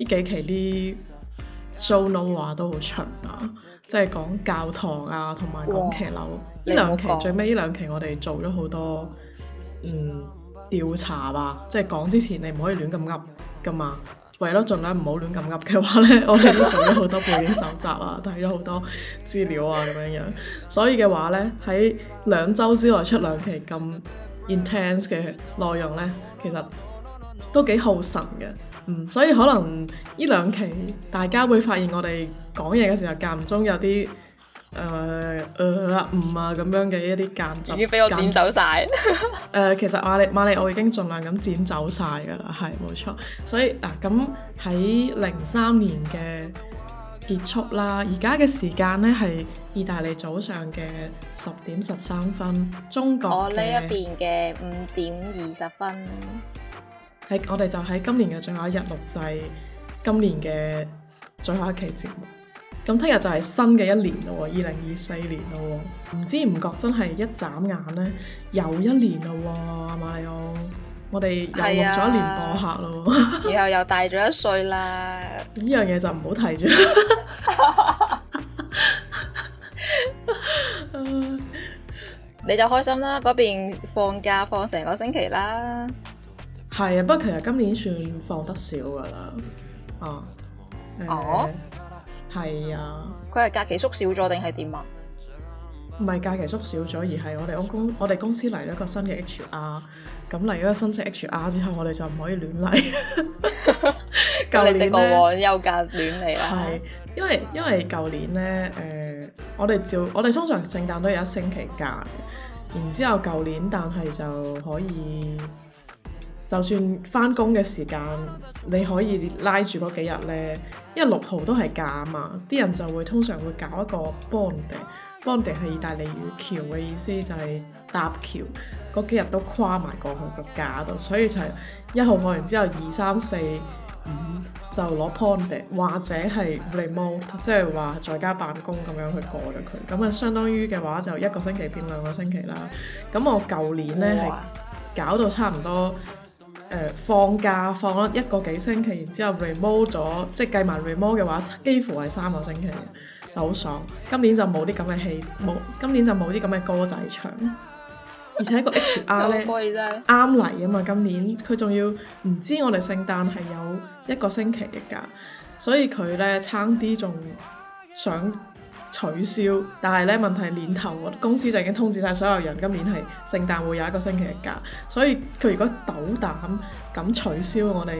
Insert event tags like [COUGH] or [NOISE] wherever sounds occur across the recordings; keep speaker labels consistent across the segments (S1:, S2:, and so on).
S1: 呢幾期啲 show notes 話都好長啊，即係講教堂啊，同埋講騎樓。呢兩期最尾呢兩期，兩期我哋做咗好多嗯調查吧，即係講之前你唔可以亂咁噏噶嘛，為咗儘量唔好亂咁噏嘅話呢，我哋都做咗好多背景搜集啊，睇咗好多資料啊咁樣樣。所以嘅話呢，喺兩週之內出兩期咁 intense 嘅內容呢，其實都幾耗神嘅。嗯、所以可能呢兩期大家會發現我哋講嘢嘅時候間唔中有啲誒誒唔啊咁樣嘅一啲間奏，已經俾我剪走晒。誒、 [LAUGHS] 呃，其實馬利馬利奧已經盡量咁剪走晒噶啦，係冇錯。所以嗱咁喺零三年嘅結束啦，而家嘅時間咧係意大利早上嘅十點十三分，中國嘅呢一邊
S2: 嘅五點二十分。
S1: 喺我哋就喺今年嘅最後一日錄，就係、今年嘅最後一期節目。咁聽日就係新嘅一年咯，二零二四年咯。唔知唔覺真係一眨眼咧，又一年咯，瑪利奧。我哋又錄咗一年播客咯，然、
S3: 啊、後
S2: 又大咗一歲啦。呢 [LAUGHS] 樣嘢就唔好提住啦。你就開心啦，嗰邊放假放成個星期啦。
S1: 係啊，不過其實今年算放得少㗎喇。
S2: 哦？係啊。佢係
S1: 假期縮少咗，定係點啊？唔係假期就算翻工嘅時間，你可以拉住嗰幾日呢。因為六號都係假嘛，啲人就會通常會搞一個 ponding，ponding 係意大利語橋嘅意思就，就係搭橋嗰幾日都跨埋過去個假度，所以就係一號放完之後，二三四五就攞 ponding 或者係 remote，即係話在家辦公咁樣去過咗佢，咁啊相當於嘅話就一個星期變兩個星期啦。咁我舊年呢，係哇搞到差唔多。誒、呃、放假放咗一個幾星期，然之後 remove 咗，即係計埋 remove 嘅話，幾乎係三個星期，就好爽。今年就冇啲咁嘅戲，冇今年就冇啲咁嘅歌仔唱，而且一個 HR 咧啱嚟啊嘛，今年佢仲要唔知我哋聖誕係有一個星期嘅假，所以佢咧差啲仲想取消，但係咧問題係年頭，公司就已經通知晒所有人，今年係聖誕會有一個星期嘅假，所以佢如果斗膽咁取消我哋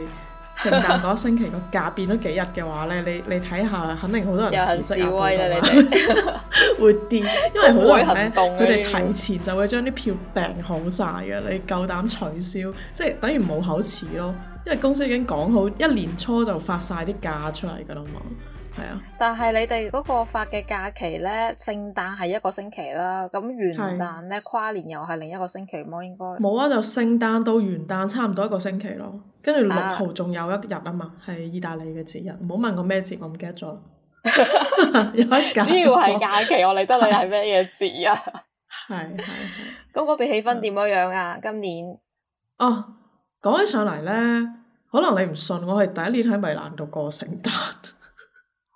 S1: 聖誕嗰一星期個假變，變咗幾日嘅話咧，你你睇下，肯定好多人辭職啊，會跌，
S3: 因為好多人咧，佢哋 [LAUGHS] 提
S1: 前就會將啲票訂好晒嘅，你夠膽取消，即係等於冇口齒咯，因為公司已經講好一年初就發晒啲假出嚟㗎啦嘛。係
S2: 啊，但係你哋嗰個發嘅假期咧，聖誕係一個星期啦，咁元旦咧是跨年又係另一個星期麼？應該冇
S1: 啊，就聖誕到元旦差唔多一個星期咯，跟住六號仲有一日啊嘛，係、啊、意大利嘅節日，唔好問我咩節，我唔記得咗。 [LAUGHS]
S2: [LAUGHS] 有一假， [LAUGHS] 只要係假期，我理得你係咩嘢節啊？
S1: 係係係，
S2: 咁嗰 [LAUGHS] 邊氣氛點樣樣啊？是今年
S1: 哦，講起上嚟咧，可能你唔信，我係第一年喺米蘭過度過聖誕。 [LAUGHS]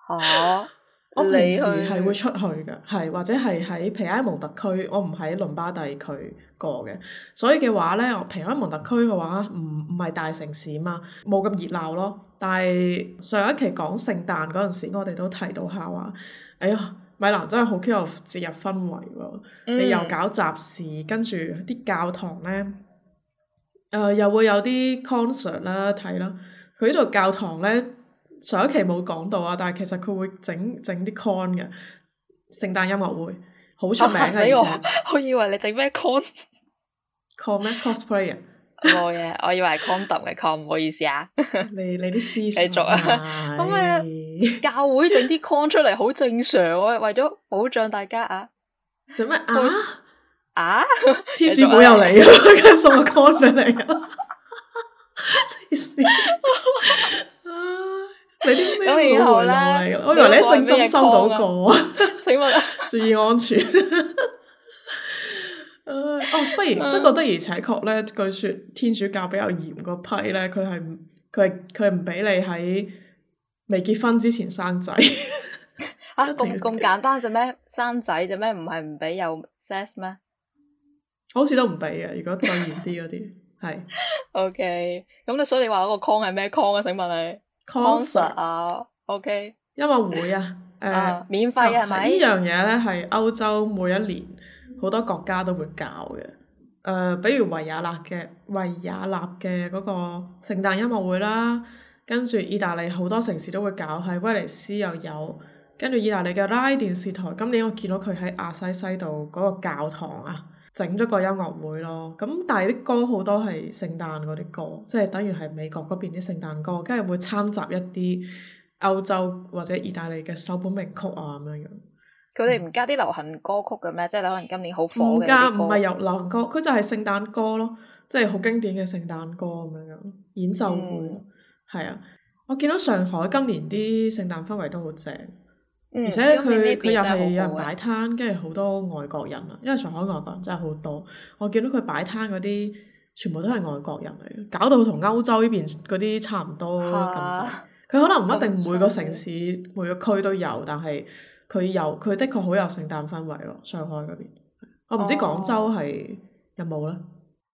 S1: 哦，oh，我平時係會出去嘅，係去或者係喺皮埃蒙特區，我唔喺倫巴第區過嘅，所以嘅話呢，皮埃蒙特區嘅話唔唔係大城市啊嘛，冇咁熱鬧咯。但係上一期講聖誕嗰陣時，我哋都提到下話，哎呀米蘭真係好 Q 有節日氛圍喎，你又搞集市，mm。跟住啲教堂呢，誒、呃、又會有啲 concert 啦睇啦，佢呢度教堂呢。上一期冇講到啊，但係其實佢會整整啲 con 嘅聖誕音樂會，好出名嘅。啊、嚇死
S2: 我！我以為你整咩 con？con 咩 cosplay 啊？冇嘢，我以為 condom 嘅 con，唔好意思啊。你你啲思想啊！咁啊教會整啲 con 出嚟好正常啊，為咗保障大家啊。做咩？啊啊？啊天主保佑、啊、 [LAUGHS] 你啊！佢送個 con 俾你啊！黐線！
S1: 咁然後咧，我以為你喺聖心收到過。請問、啊？注意安全。哦、 [LAUGHS] uh, oh，不不不過，的而且確咧，據說天主教比較嚴個批咧，佢係佢係佢係唔俾你喺未結婚之前生仔。
S2: [LAUGHS] 啊，咁咁、啊、簡單啫咩？生仔啫咩？唔係唔俾有 sex 咩？
S1: [LAUGHS] 好似都唔俾啊！如果再嚴啲嗰啲，係 [LAUGHS]
S2: 的。OK，咁你，所以你話嗰個 con 係咩 con 啊？請問你？
S1: concert
S2: 啊，OK，
S1: 音樂會啊，誒、嗯，呃、免費係、啊、咪？依樣嘢，呢樣嘢咧係歐洲每一年好多國家都會搞嘅，誒、呃，比如維也納嘅維也納嘅嗰個聖誕音樂會啦，跟住意大利好多城市都會搞，喺威尼斯又有，跟住意大利嘅拉電視台，今年我見到佢喺亞西西度嗰個教堂啊。整咗個音樂會咯，咁但係啲歌好多係聖誕嗰啲歌，即係等於係美國嗰邊啲聖誕歌，跟住會摻雜一啲歐洲或者意大利嘅首本名曲啊咁樣樣。
S2: 佢哋唔加啲流行歌曲嘅咩？嗯、即係可能今年好火嘅。唔加，唔係
S1: 有流行歌，佢就係聖誕歌咯，即係好經典嘅聖誕歌咁樣樣。演奏會，係、嗯、啊，我見到上海今年啲聖誕氛圍都好正。
S3: 而且佢佢又係有人
S1: 擺攤，跟住好多外國人啊，因為上海外國人真係好多。我見到佢擺攤嗰啲，全部都係外國人嚟嘅，搞到同歐洲呢邊嗰啲差唔多咁滯。佢哈可能唔一定每個城市、啊、每個區都有，但係佢有佢的確好有聖誕氛圍咯。嗯、上海嗰邊，我唔知廣州係、哦、有冇咧。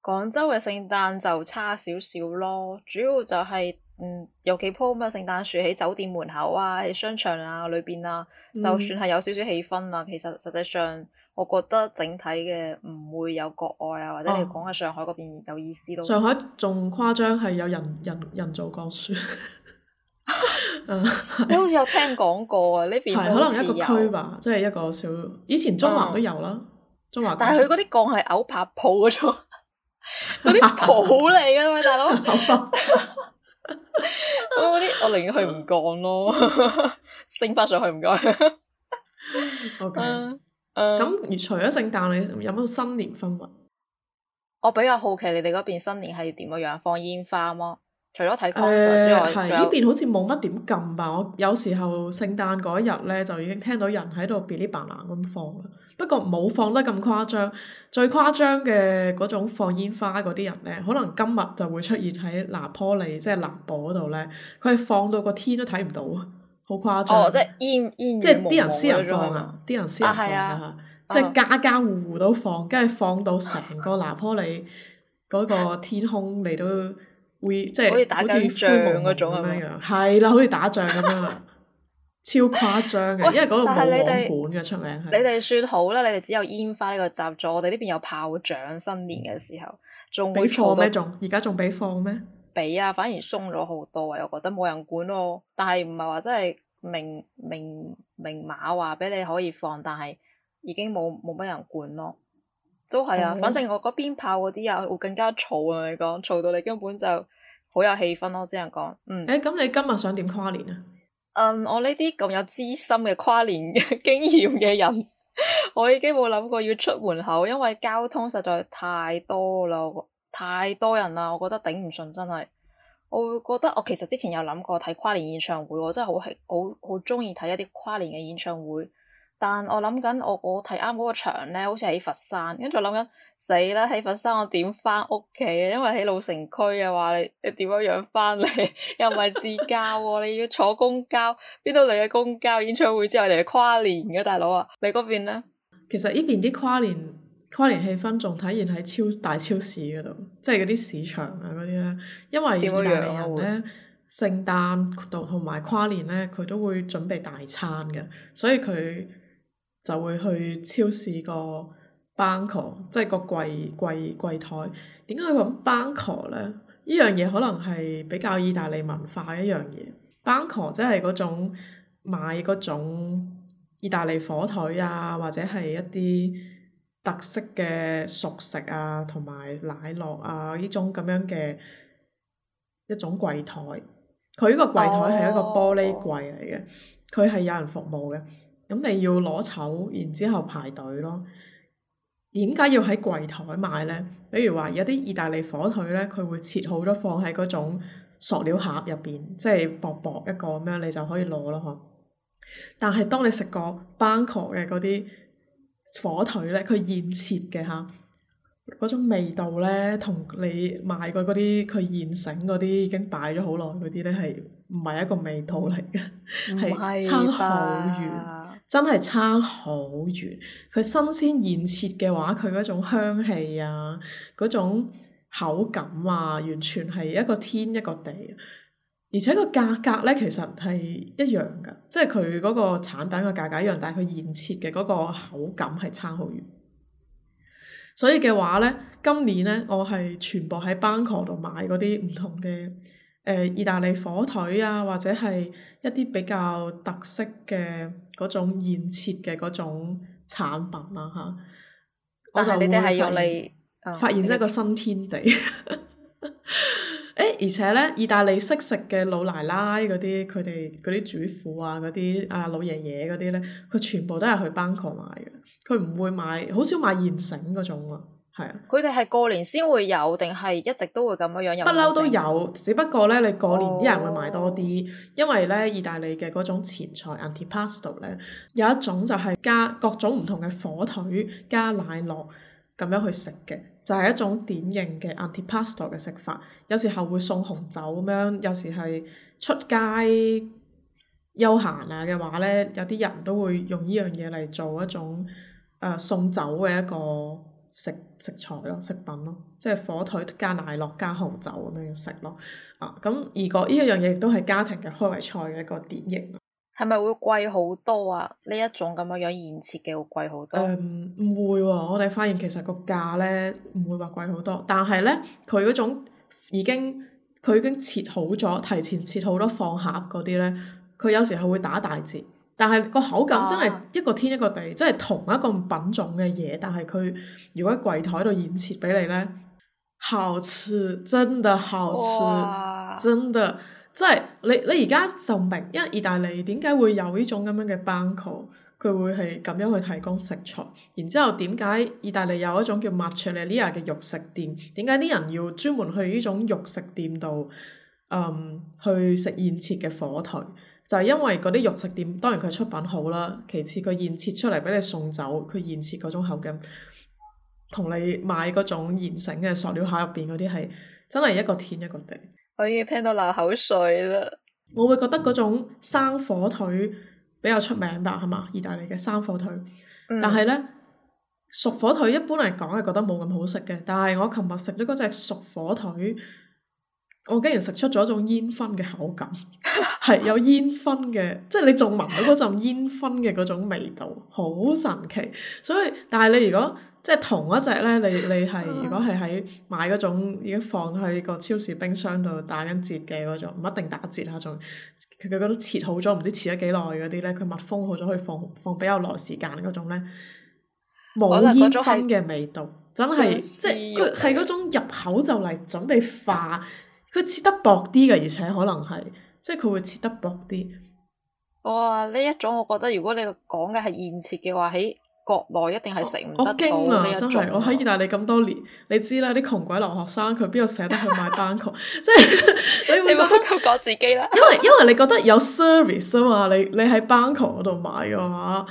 S2: 廣州嘅聖誕就差少少咯，主要就係、是。嗯，有幾樖咩聖誕樹喺酒店門口啊，喺商場啊裏邊啊，就算係有少少氣氛啊，其實實際上，我覺得整體嘅唔會有國外啊，或者你講喺上海嗰邊有意思囉。上海
S1: 仲誇張係有人人人造降雪，
S2: 你好似有聽講過啊？呢邊可能一個區吧，
S1: 即係一個小以前中環都有啦，
S2: 中環。但係佢嗰啲降係偶拍鋪嗰種，嗰啲鋪嚟嘅，大佬。咁嗰啲我寧願去唔幹咯， [LAUGHS] [LAUGHS] [LAUGHS] 升翻上去唔該。咁
S1: 除咗聖誕，你有冇新年氛圍？
S2: 我比較好奇你哋嗰邊新年係點樣樣？放煙花嗎？除咗睇光，呢
S1: 邊好似冇乜點禁吧。我有時候聖誕嗰日呢，就已經聽到人喺度噼里啪啦咁放啦。不過冇放得咁誇張，最誇張嘅嗰種放煙花嗰啲人呢，可能今日就會出現喺拿坡里，即係南部嗰度呢。佢係放到個天都睇唔到，好誇張。
S3: 即係啲人私人放
S1: 啊，啲人私人放啊，即係家家戶戶都放，跟住放到成個拿坡里嗰個天空嚟到。會 We, 即係是好似打仗嗰種咁樣樣，係啦，好似打仗咁樣，超誇張嘅。 [LAUGHS] 因為嗰度冇網管嘅出名你。
S2: 你哋算好啦，你哋只有煙花呢個習俗，我哋呢邊有炮仗。新年嘅時候仲畀放咩？仲
S1: 而家仲畀放咩？
S2: 畀啊，反而鬆咗好多啊！我覺得冇人管咯，但係唔係話真係明明明，明明明碼話畀你可以放，但係已經冇冇乜人管咯。都係啊，嗯、反正我嗰邊炮嗰啲啊，會更加嘈啊！你講，嘈到你根本就好有氣氛咯，啊，只能講。嗯。誒、欸，
S1: 咁你今日想點跨年啊？
S2: 嗯，我呢啲咁有資深嘅跨年經驗嘅人， [LAUGHS] 我已經冇諗過要出門口，因為交通實在太多啦，太多人啦，我覺得頂唔順，真係。我會覺得，我其實之前有諗過睇跨年演唱會，我真係好喜好好中意睇一啲跨年嘅演唱會。但我諗緊，我我睇啱嗰個場咧，好似喺佛山，跟住我諗緊，死啦！喺佛山我點翻屋企啊？因為喺老城區嘅話你你點樣樣翻嚟？又唔係自駕、啊， [LAUGHS] 你要坐公交，邊度嚟嘅公交？演唱會之後嚟跨年嘅大佬啊，你嗰邊咧？
S1: 其實呢邊啲跨年跨年氣氛仲體現喺超大超市嗰度，即係嗰啲市場啊嗰啲咧，因為點解？因為意大利人咧，聖誕同同埋跨年咧，佢都會準備大餐嘅，所以佢。就會去超市個 banco，即係個櫃櫃櫃台。點解要揾 banco 呢？呢樣嘢可能係比較意大利文化一樣嘢。banco 即係嗰種買嗰種意大利火腿啊，或者係一啲特色嘅熟食啊，同埋奶酪啊呢種咁樣嘅一種櫃台。佢呢個櫃台係一個玻璃櫃嚟嘅，佢係、oh. 有人服務嘅。咁你要攞籌，然之後排隊咯。點解要喺櫃台買咧？比如話有啲意大利火腿咧，佢會切好咗放喺嗰種塑料盒入邊，即係薄薄一個咁樣，你就可以攞咯呵。但係當你食過班克嘅嗰啲火腿咧，佢現切嘅嚇，嗰種味道咧，同你買過嗰啲佢現成嗰啲已經擺咗好耐嗰啲咧，係唔係一個味道嚟嘅？唔係。 [LAUGHS] 差好遠。真係差好遠。佢新鮮現切嘅話，佢嗰種香氣啊，嗰種口感啊，完全係一個天一個地。而且個價格呢，其實係一樣㗎，即係佢嗰個產品個價格一樣，但係佢現切嘅嗰個口感係差好遠。所以嘅話呢，今年呢，我係全部喺班克度買嗰啲唔同嘅誒、呃、意大利火腿啊，或者係一啲比較特色嘅。嗰種現切嘅嗰種產品啦吓？
S2: 但係 是，我就會發現、嗯、發現一
S1: 個新天地。誒， [LAUGHS] 而且咧，意大利識食嘅老奶奶嗰啲，佢哋嗰啲主婦啊，嗰啲啊，老爺爺嗰啲咧，佢全部都係去 Banco 買嘅，佢唔會買，好少買現成嗰種啊。
S2: 佢哋係過年先會有，定係一直都會咁樣樣有？有。不嬲都有，
S1: 只不過咧，你過年啲人會買多啲，哦、因為咧，意大利嘅嗰種前菜 antipasto 咧，有一種就係加各種唔同嘅火腿加奶酪咁樣去食嘅，就係、是、一種典型嘅 antipasto 嘅食法。有時候會送紅酒咁樣，有時係出街休閒啊嘅話咧，有啲人都會用呢樣嘢嚟做一種誒、呃、送酒嘅一個。食食材咯，食品咯，即係火腿加奶酪加紅酒咁樣食咯。啊，咁而個呢一樣嘢亦都係家庭嘅開胃菜嘅一個典型。
S2: 係咪會貴好多啊？呢一種咁樣樣現切嘅會貴好多？
S1: 誒唔會喎，我哋發現其實個價咧唔會話貴好多，但係咧佢嗰種已經佢已經切好咗，提前切好多放盒嗰啲咧，佢有時候會打大折。但係個口感真係一個天一個地，真係同一個品種嘅嘢，但係佢如果喺櫃台度現切畀你呢，好吃，真的好吃，哇真的，真係你你而家就明，因為意大利點解會有呢種咁樣嘅 banco 佢會係咁樣去提供食材，然之後點解意大利有一種叫 macelleria 嘅肉食店，點解啲人要專門去呢種肉食店度，嗯，去食現切嘅火腿？就係因為嗰啲肉食店，當然佢出品好啦，其次佢現切出嚟畀你送走，佢現切嗰種口感，同你買嗰種現成嘅塑料盒入邊嗰啲係真係一個天一個地。
S2: 我已經聽到流口水啦！
S1: 我會覺得嗰種生火腿比較出名吧，係嘛？意大利嘅生火腿，嗯、但係呢，熟火腿一般嚟講係覺得冇咁好食嘅。但係我琴日食咗嗰隻熟火腿。我竟然食出咗一種煙燻嘅口感，係有煙燻嘅， [LAUGHS] 即係你仲聞到嗰陣煙燻嘅嗰種味道，好神奇。所以，但係你如果即係同一隻呢，你你係如果係喺買嗰種已經放喺個超市冰箱度打緊折嘅嗰種，唔一定打折啊，仲佢佢嗰切好咗，唔知切咗幾耐嗰啲咧，佢密封好咗，可以放放比較耐時間嗰種咧，
S3: 冇煙燻
S1: 嘅味道，是真係的是即係佢係嗰種入口就嚟準備化。佢切得薄啲嘅，而且可能係，即係佢會切得薄啲。
S2: 哇！呢一種我覺得，如果你講嘅係現切嘅話，喺國內一定係食唔得到我。我驚啊！真係，
S1: 我喺意大利咁多年，你知啦，啲窮鬼留學生佢邊度捨得去買 banco？即係
S2: [LAUGHS] [LAUGHS] [LAUGHS] 你冇咁講自己啦。 [LAUGHS]
S1: 因為因為你覺得有 service 啊嘛？你你喺 banco 嗰度買嘅話。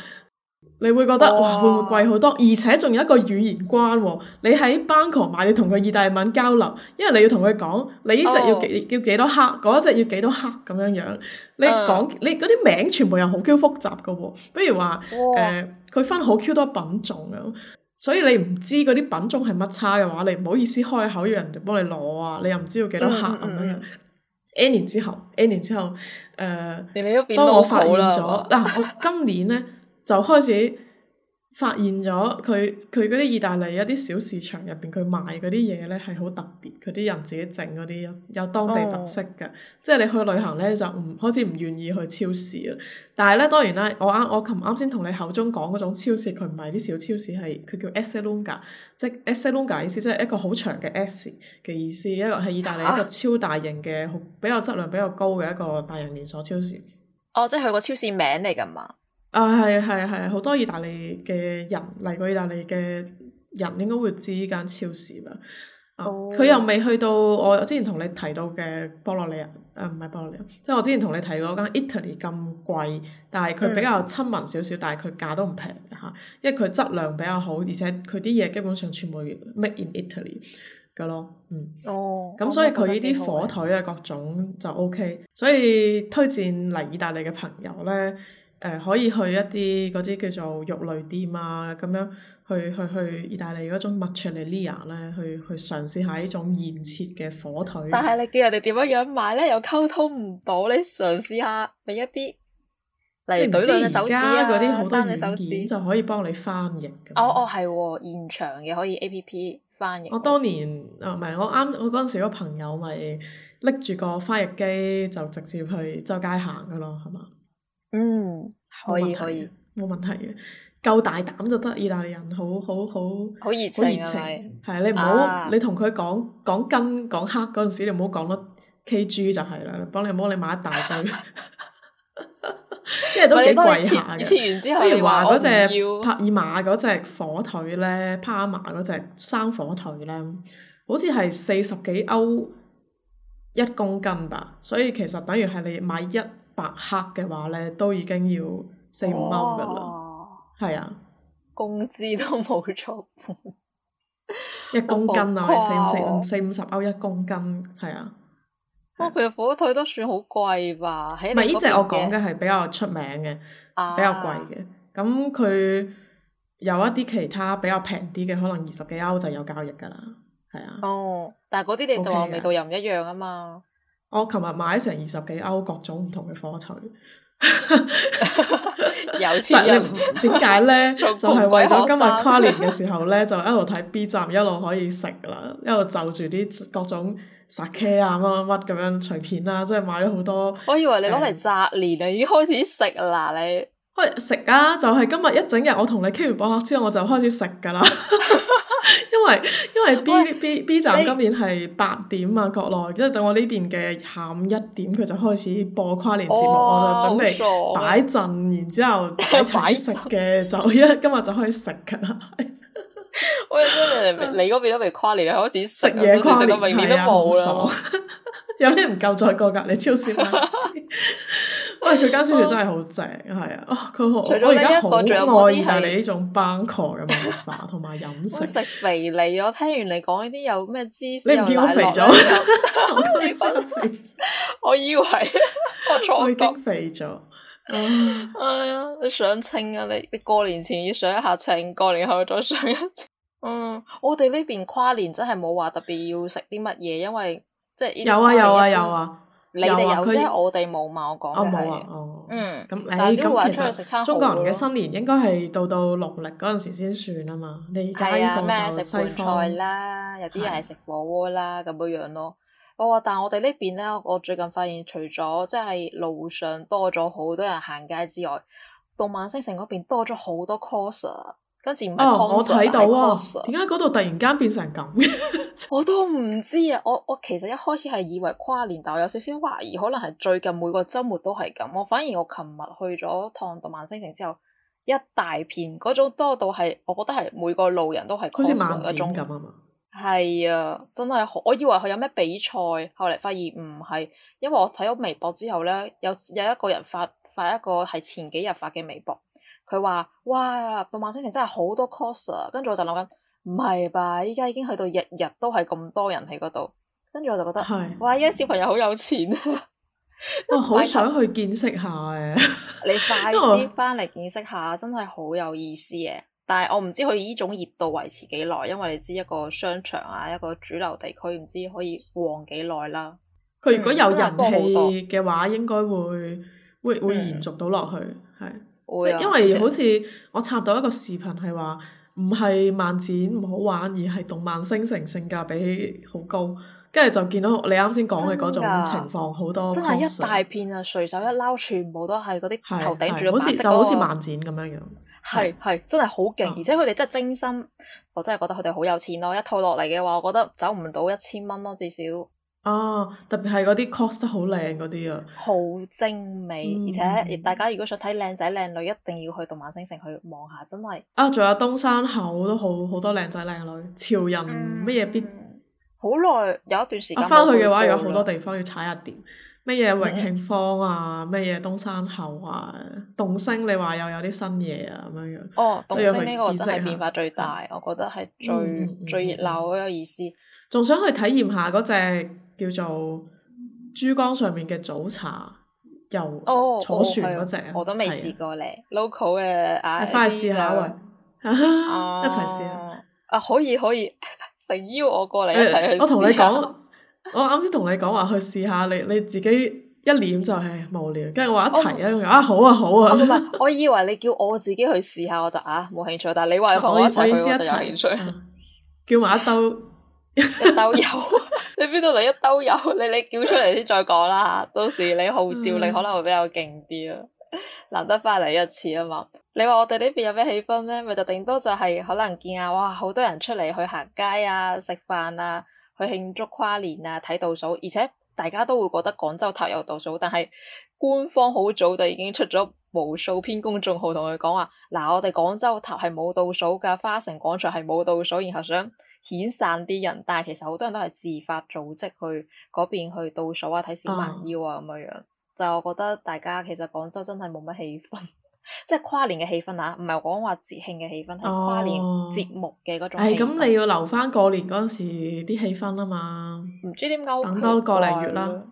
S1: 你會覺得、oh. 哇會唔會貴好多？而且仲有一個語言關喎、哦。你喺班狂買，你同佢意大利文交流，因為你要同佢講，你呢隻要幾、oh. 要幾多克，嗰一隻要幾多克咁樣樣。
S3: 你講、
S1: uh. 你嗰啲名字全部又好 Q 複雜嘅喎、哦，不如話誒，佢、oh. 呃、分好 Q 多品種啊，所以你唔知嗰啲品種係乜叉嘅話，你唔好意思開口要人哋幫你攞啊，你又唔知道要幾多克咁樣樣。Mm hmm. 一年之後，一年之後，誒、呃，你你當我發現咗嗱、啊，我今年呢。 [LAUGHS] [LAUGHS] 就開始發現咗佢佢嗰啲意大利一啲小市場入邊佢賣嗰啲嘢呢係好特別，佢啲人自己整嗰啲有有當地特色嘅，oh. 即係你去旅行呢，就唔開始唔願意去超市啦。但係呢，當然啦，我啱我琴啱先同你口中講嗰種超市，佢唔係啲小超市，係佢叫 Esselunga 即係 Esselunga 意思即係一個好長嘅 S 嘅意思，一個係意大利一個超大型嘅比較質量比較高嘅一個大
S2: 型連鎖超市。哦，oh, 即係佢個超市名嚟㗎嘛？
S1: 啊，係啊，係啊，係啊！好多意大利嘅人嚟過意大利嘅人應該會知呢間超市啦。
S3: 佢、啊 oh. 又未
S1: 去到我之前同你提到嘅波羅尼亞啊，唔係波羅尼亞，即係我之前同你提嗰間 Italy 咁貴，但係佢比較親民少少，mm. 但係佢價都唔平嚇，因為佢質量比較好，而且佢啲嘢基本上全部 make in Italy 嘅咯。嗯，
S3: 咁、oh, 嗯、所以佢呢啲火
S1: 腿啊各種就 OK，所以推薦嚟意大利嘅朋友咧。誒、呃、可以去一啲嗰啲叫做肉類店啊，咁樣去去去意大利嗰種 macelleria 咧，去去嘗試下呢種現切嘅火腿。但係
S2: 你叫人哋點樣樣買咧，又溝通唔到。你嘗試下俾一啲
S1: 例如，對準隻手、啊、手指，就可以幫你翻譯
S2: 哦。哦哦，係喎，現場嘅可以 A P P 翻譯。我
S1: 當年啊，唔、哦、係我啱我嗰陣時，個朋友咪拎住個翻譯機就直接去周街行噶咯，係嘛？嗯，可以可以，冇問題嘅，夠大膽就得。意大利人好好好，好熱情，係係，你唔好、啊、你同佢講講斤講克嗰陣時，你唔好講多 K G 就係啦，幫你幫你買一大堆， [LAUGHS] [LAUGHS] 因為都幾貴下嘅。比如話嗰隻帕爾馬嗰隻火腿咧，帕爾馬嗰隻生火腿咧，好似係四十幾歐一公斤吧，所以其實等於係你買一。百克嘅話咧，都已經要四五歐㗎啦，係、哦、
S2: 啊，工資都冇錯， [LAUGHS]
S1: 一公斤啊，四四五四五十歐一公斤，係啊，
S2: 不過佢嘅火腿都算好貴吧？唔係呢隻，我講
S1: 嘅係比較出名嘅，
S2: 啊、比較貴
S1: 嘅。咁佢有一啲其他比較平啲嘅，可能二十幾歐就有交易㗎啦，係啊。哦，
S2: 但係嗰啲地方味道又唔一樣啊嘛。
S1: 我琴日買成二十幾歐各種唔同嘅火腿，
S2: [LAUGHS] [LAUGHS] 有錢人點解呢？就係、是、為咗今日跨年嘅
S1: 時候呢， [LAUGHS] 就一路睇 B 站，一路可以食啦，一路就住啲各種殺茄啊,啊、乜乜乜咁樣隨便啦，即係買咗好多。
S2: 我以為你攞嚟扎年啊，嗯、你已經開始食啦你。開食啊！就係、是、今日一整
S1: 日，我同你傾完博客之後，我就開始食噶啦。 [LAUGHS]
S2: 因為因為 B B
S1: B 站今年係八點啊，國內即係等我呢邊嘅下午一點，佢就開始播跨年節目，我就準備擺陣，然之後擺齊食嘅，就因為今日就可以食噶啦。我真係
S2: 你嗰邊都未跨年，開始食嘢跨年，明年都冇啦。
S1: 有咩唔夠再過噶？你超少。喂，佢間燒肉真係好正，係啊！佢好、哦。除咗我而家一個在有愛意大利你呢種班克嘅文化同埋飲食。 [LAUGHS] 我
S2: 食肥你，我聽完你講呢啲有咩知芝士又肥咗？我真係肥，我以
S1: 為我錯覺 [LAUGHS] 肥咗。
S2: 哎 [LAUGHS] 呀，你上秤啊！你你過年前要上一下秤，過年後再上一次。嗯，我哋呢邊跨年真係冇話特別要食啲乜嘢，因為即係有啊有啊有啊。你哋有啫，我哋冇嘛，我講緊。啊冇啊，哦。嗯。咁你，但係如果話出去食餐好嘅，中國人
S1: 嘅新年應該係到到農曆嗰陣時先算啊嘛。你係啊，咩食盆菜啦，
S2: 有啲人係食火鍋啦，咁樣的樣咯。我話，但係我哋呢邊咧，我最近發現，除咗即係路上多咗好多人行街之外，動漫星城嗰邊多咗好多 coser。跟住唔係 cos，唔係 cos。
S1: 點解嗰度突然間變成咁
S2: [LAUGHS] 我都唔知啊！我我其實一開始係以為跨年，但我有少少懷疑，可能係最近每個周末都係咁。我反而我琴日去咗趟動漫星城之後，一大片嗰種多到係，我覺得係每個路人都係 cos 嗰種。好似漫展咁啊嘛。係啊，真係我以為佢有咩比賽，後嚟發現唔係，因為我睇咗微博之後咧，有有一個人發發一個係前幾日發嘅微博。佢話：哇！動漫星城真係好多 coser，跟住我就諗緊，唔係吧？依家已經去到日日都係咁多人喺嗰度，跟住我就覺得，是哇！依家小朋友好有錢啊，哇託我好想去
S1: 見識下誒、
S2: 啊。你快啲翻嚟見識下，真係好有意思嘅、啊。但係我唔知可以依種熱度維持幾耐，因為你知一個商場啊，一個主流地區，唔知可以旺幾耐啦。
S1: 佢、嗯、如果有人氣嘅話，應該會、嗯、會會延續到落去，係、嗯。即、啊、因為好似我插到一個視頻係話唔係漫展唔好玩，而係動漫星城性價比好高，跟住就見到你啱先講嘅嗰種情況好多。真係
S2: 一大片啊！隨手一撈，全部都係嗰啲頭頂好似、嗰個、就好似漫
S1: 展咁樣樣。
S2: 係係，真係好勁，啊、而且佢哋真係精心，我真係覺得佢哋好有錢咯。一套落嚟嘅話，我覺得走唔到一千蚊咯，至少。啊！特別係嗰啲 cos 得好靚嗰啲啊，好精美，而且大家如果想睇靚仔靚女，一定要去動漫星城去望下，真係
S1: 啊！仲有東山口都好好多靚仔靚女，潮人乜嘢必
S2: 好耐有一段時間。翻去嘅話，有好多地
S1: 方要踩下點，乜嘢永慶坊啊，乜嘢東山口啊，洞星。你話又有啲新嘢啊咁樣樣。
S2: 哦，洞星呢個真係變化最大，我覺得係最最熱鬧，好有意思。
S1: 仲想去體驗下嗰隻。叫做珠江上面嘅早茶，
S2: 又坐船嗰隻，我都未試過咧。Local 嘅啊，翻去試下喂，一齊試下，啊，可以可以，成邀我過嚟一齊去。我同你講，
S1: 我啱先同你講話去試下你你自己一臉就係無聊，跟住我話一齊啊，好啊好啊。唔係，
S2: 我以為你叫我自己去試下我就啊冇興趣，但係你話同我一齊去我就有興趣。叫埋阿兜。一兜油， [LAUGHS] 你邊度嚟一兜油？你你叫出嚟先再講啦，到時你號召力可能會比較勁啲啊！難得翻嚟一次啊嘛，你話我哋呢邊有咩氣氛咧？咪就頂多就係可能見啊，哇，好多人出嚟去行街啊、食飯啊、去慶祝跨年啊、睇倒數，而且大家都會覺得廣州塔有倒數，但係官方好早就已經出咗無數篇公眾號同佢講話，嗱、啊，我哋廣州塔係冇倒數噶，花城廣場係冇倒數，然後想。遣散啲人，但係其實好多人都係自發組織去嗰邊去倒數啊，睇小蠻腰啊咁、哦、樣，就我覺得大家其實廣州真係冇乜氣氛，即 [LAUGHS] 係跨年嘅氣氛啊，唔係講話節慶嘅氣氛，就、哦、跨年節目嘅嗰種。唉、哎，咁
S1: 你要留翻過年嗰時啲氣氛啊嘛，唔知
S2: 點解等多個零月啦。嗯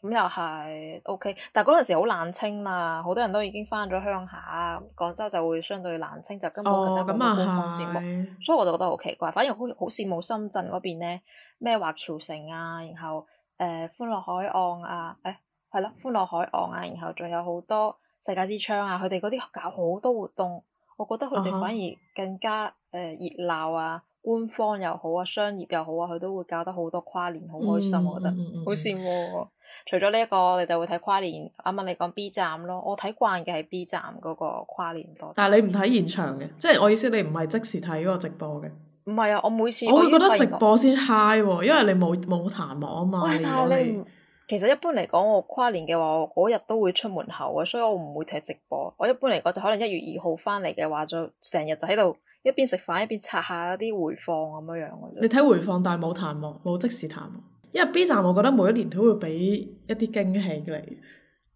S2: 咁又係，OK，但係嗰陣時好冷清啦，好多人都已經翻咗鄉下，廣州就會相對冷清，就
S3: 根本冇咁多官方節目，
S2: 所以我就覺得好奇怪。反而好好羨慕深圳嗰邊咧，咩華僑城啊，然後誒歡樂海岸啊，誒係咯歡樂海岸啊，然後仲有好多世界之窗啊，佢哋嗰啲搞好多活動，我覺得佢哋反而更加誒熱鬧啊，官方又好啊，商業又好啊，佢都會搞得好多跨年，好開心，我覺得好羨慕。除咗呢一個，你就會睇跨年。啱啱你講 B 站咯，我睇慣嘅係 B 站嗰個跨年歌。
S1: 但係你唔睇現場嘅，即係我意思，你唔係即時睇嗰個直播嘅。
S2: 唔係啊，我每次我會覺得直播
S1: 先 high 喎，因為你冇冇彈幕啊嘛。你,你
S2: 其實一般嚟講，我跨年嘅話，我嗰日都會出門口嘅，所以我唔會睇直播。我一般嚟講就可能一月二號翻嚟嘅話，就成日就喺度一邊食飯一邊刷下啲回放咁樣樣嘅。你睇回
S1: 放，但係冇彈幕，冇即時彈幕。因為 B 站我覺得每一年都會畀一啲驚喜嚟，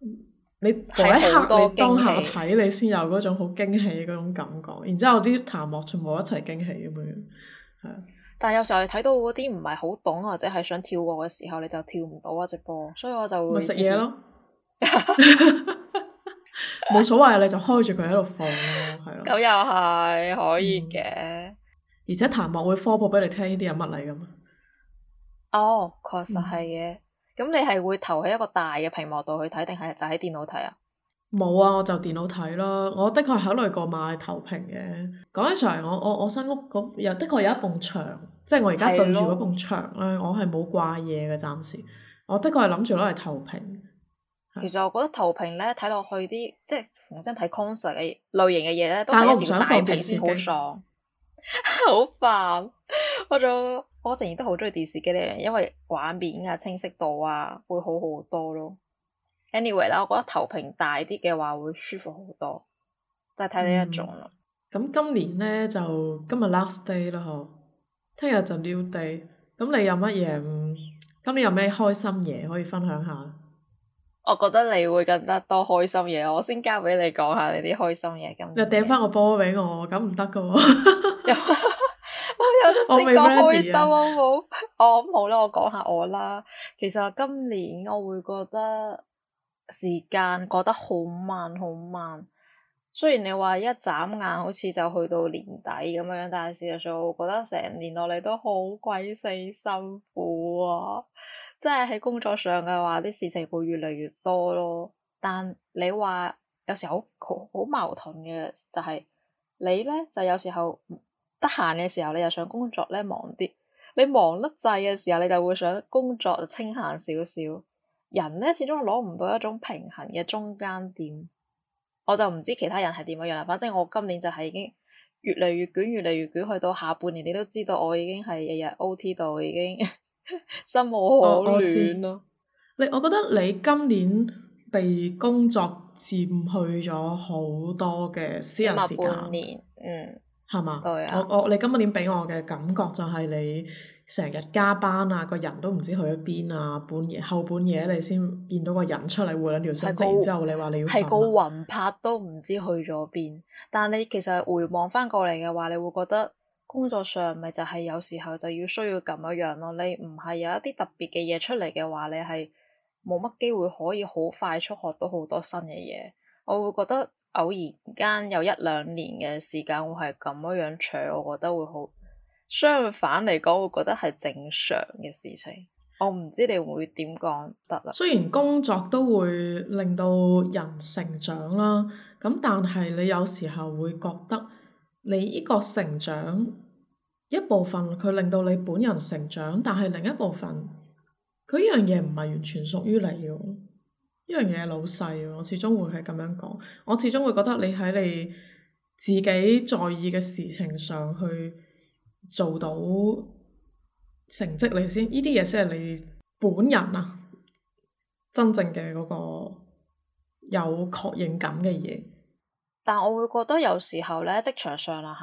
S1: 嗯、你嗰一刻你當下睇你先有嗰種好驚喜嗰種感覺，然之後啲彈幕全部一齊驚喜咁樣，係啊，
S2: 但係有時候你睇到嗰啲唔係好懂或者係想跳過嘅時候，你就跳唔到啊直播，所以我就咪食嘢咯，
S1: 冇 [LAUGHS] [LAUGHS] 所謂，你就開住佢喺度放咯，係咯，
S2: 咁又係可以嘅，
S1: 而且彈幕會科普俾你聽呢啲係乜嚟㗎。
S2: 哦，oh, 確實係嘅。咁、嗯、你係會投喺一個大嘅屏幕度去睇，定係就喺電腦睇啊？
S1: 冇啊，我就電腦睇啦。我的確考慮過買投屏嘅。講起上嚟，我我我新屋又的確有一埲牆，即係我而家對住嗰埲牆咧，咯我係冇掛嘢嘅暫時。我的確係諗住攞嚟投屏。
S2: 其實我覺得投屏咧睇落去啲，即係仿真睇 concert 嘅類型嘅嘢咧。但係我唔想投屏先好爽，我 [LAUGHS] [LAUGHS] 好煩，嗰種。我成日都好中意電視機咧，因為畫面啊、清晰度啊會好好多咯。Anyway 啦，我覺得投屏大啲嘅話會舒服好多，就係睇呢一種咯。咁、嗯、
S1: 今年咧就今日 last day 啦，嗬，聽日就 new day。咁你有乜嘢？今年有咩開心嘢可以分享下？
S2: 我覺得你會更加多開心嘢。我先交俾你講下你啲開心嘢咁。今
S1: 日你掟翻個波俾我，咁唔得噶。 [LAUGHS] [LAUGHS] [LAUGHS] 有得先講開心，好
S2: 唔好？哦，好啦，我講下我啦。其實今年我會覺得時間過得好慢，好慢。雖然你話一眨眼好似就去到年底咁樣，但係事實上我覺得成年落嚟都好鬼死辛苦啊！即係喺工作上嘅話，啲事情會越嚟越多咯。但你話有時好好矛盾嘅就係、是、你咧，就有時候。得閒嘅時候，你又想工作咧忙啲；你忙得滯嘅時候，你就會想工作就工作清閒少少。人咧始終攞唔到一種平衡嘅中間點，我就唔知其他人係點樣樣啦。反正我今年就係已經越嚟越,越,越捲，越嚟越捲，去到下半年你都知道，我已經係日日 O T 度，已經 [LAUGHS] 心無可戀咯。你我
S1: 覺得你今年被工作佔去咗好多嘅私人時間，嗯。係嘛？對啊。我我你今日點俾我嘅感覺就係你成日加班啊，個人都唔知去咗邊啊，半夜後半夜你先見到個人出嚟換咗條新
S2: 嘅，之後你話你要係個魂魄都唔知去咗邊。但係你其實回望翻過嚟嘅話，你會覺得工作上咪就係有時候就要需要咁樣樣咯。你唔係有一啲特別嘅嘢出嚟嘅話，你係冇乜機會可以好快速學到好多新嘅嘢。我會覺得偶然間有一兩年嘅時間，會係咁樣樣坐，我覺得會好。相反嚟講，我覺得係正常嘅事情。我唔知你會點講得啦。
S1: 雖然工作都會令到人成長啦，咁但係你有時候會覺得，你呢個成長一部分佢令到你本人成長，但係另一部分佢呢樣嘢唔係完全屬於你嘅。呢樣嘢、老細，我始終會係咁樣講，我始終會覺得你喺你自己在意嘅事情上去做到成績你先，呢啲嘢先係你本人啊，真正嘅嗰個有確認感嘅嘢。
S2: 但我會覺得有時候咧，職場上啦、啊、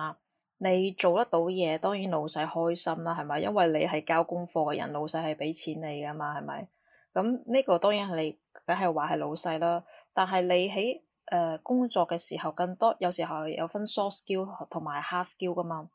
S2: 吓，你做得到嘢，當然老細開心啦，係咪？因為你係交功課嘅人，老細係畀錢你噶嘛，係咪？咁呢個當然係你，梗係話係老細啦。但係你喺誒、呃、工作嘅時候，更多有時候有分 soft skill 同埋 hard skill 噶嘛。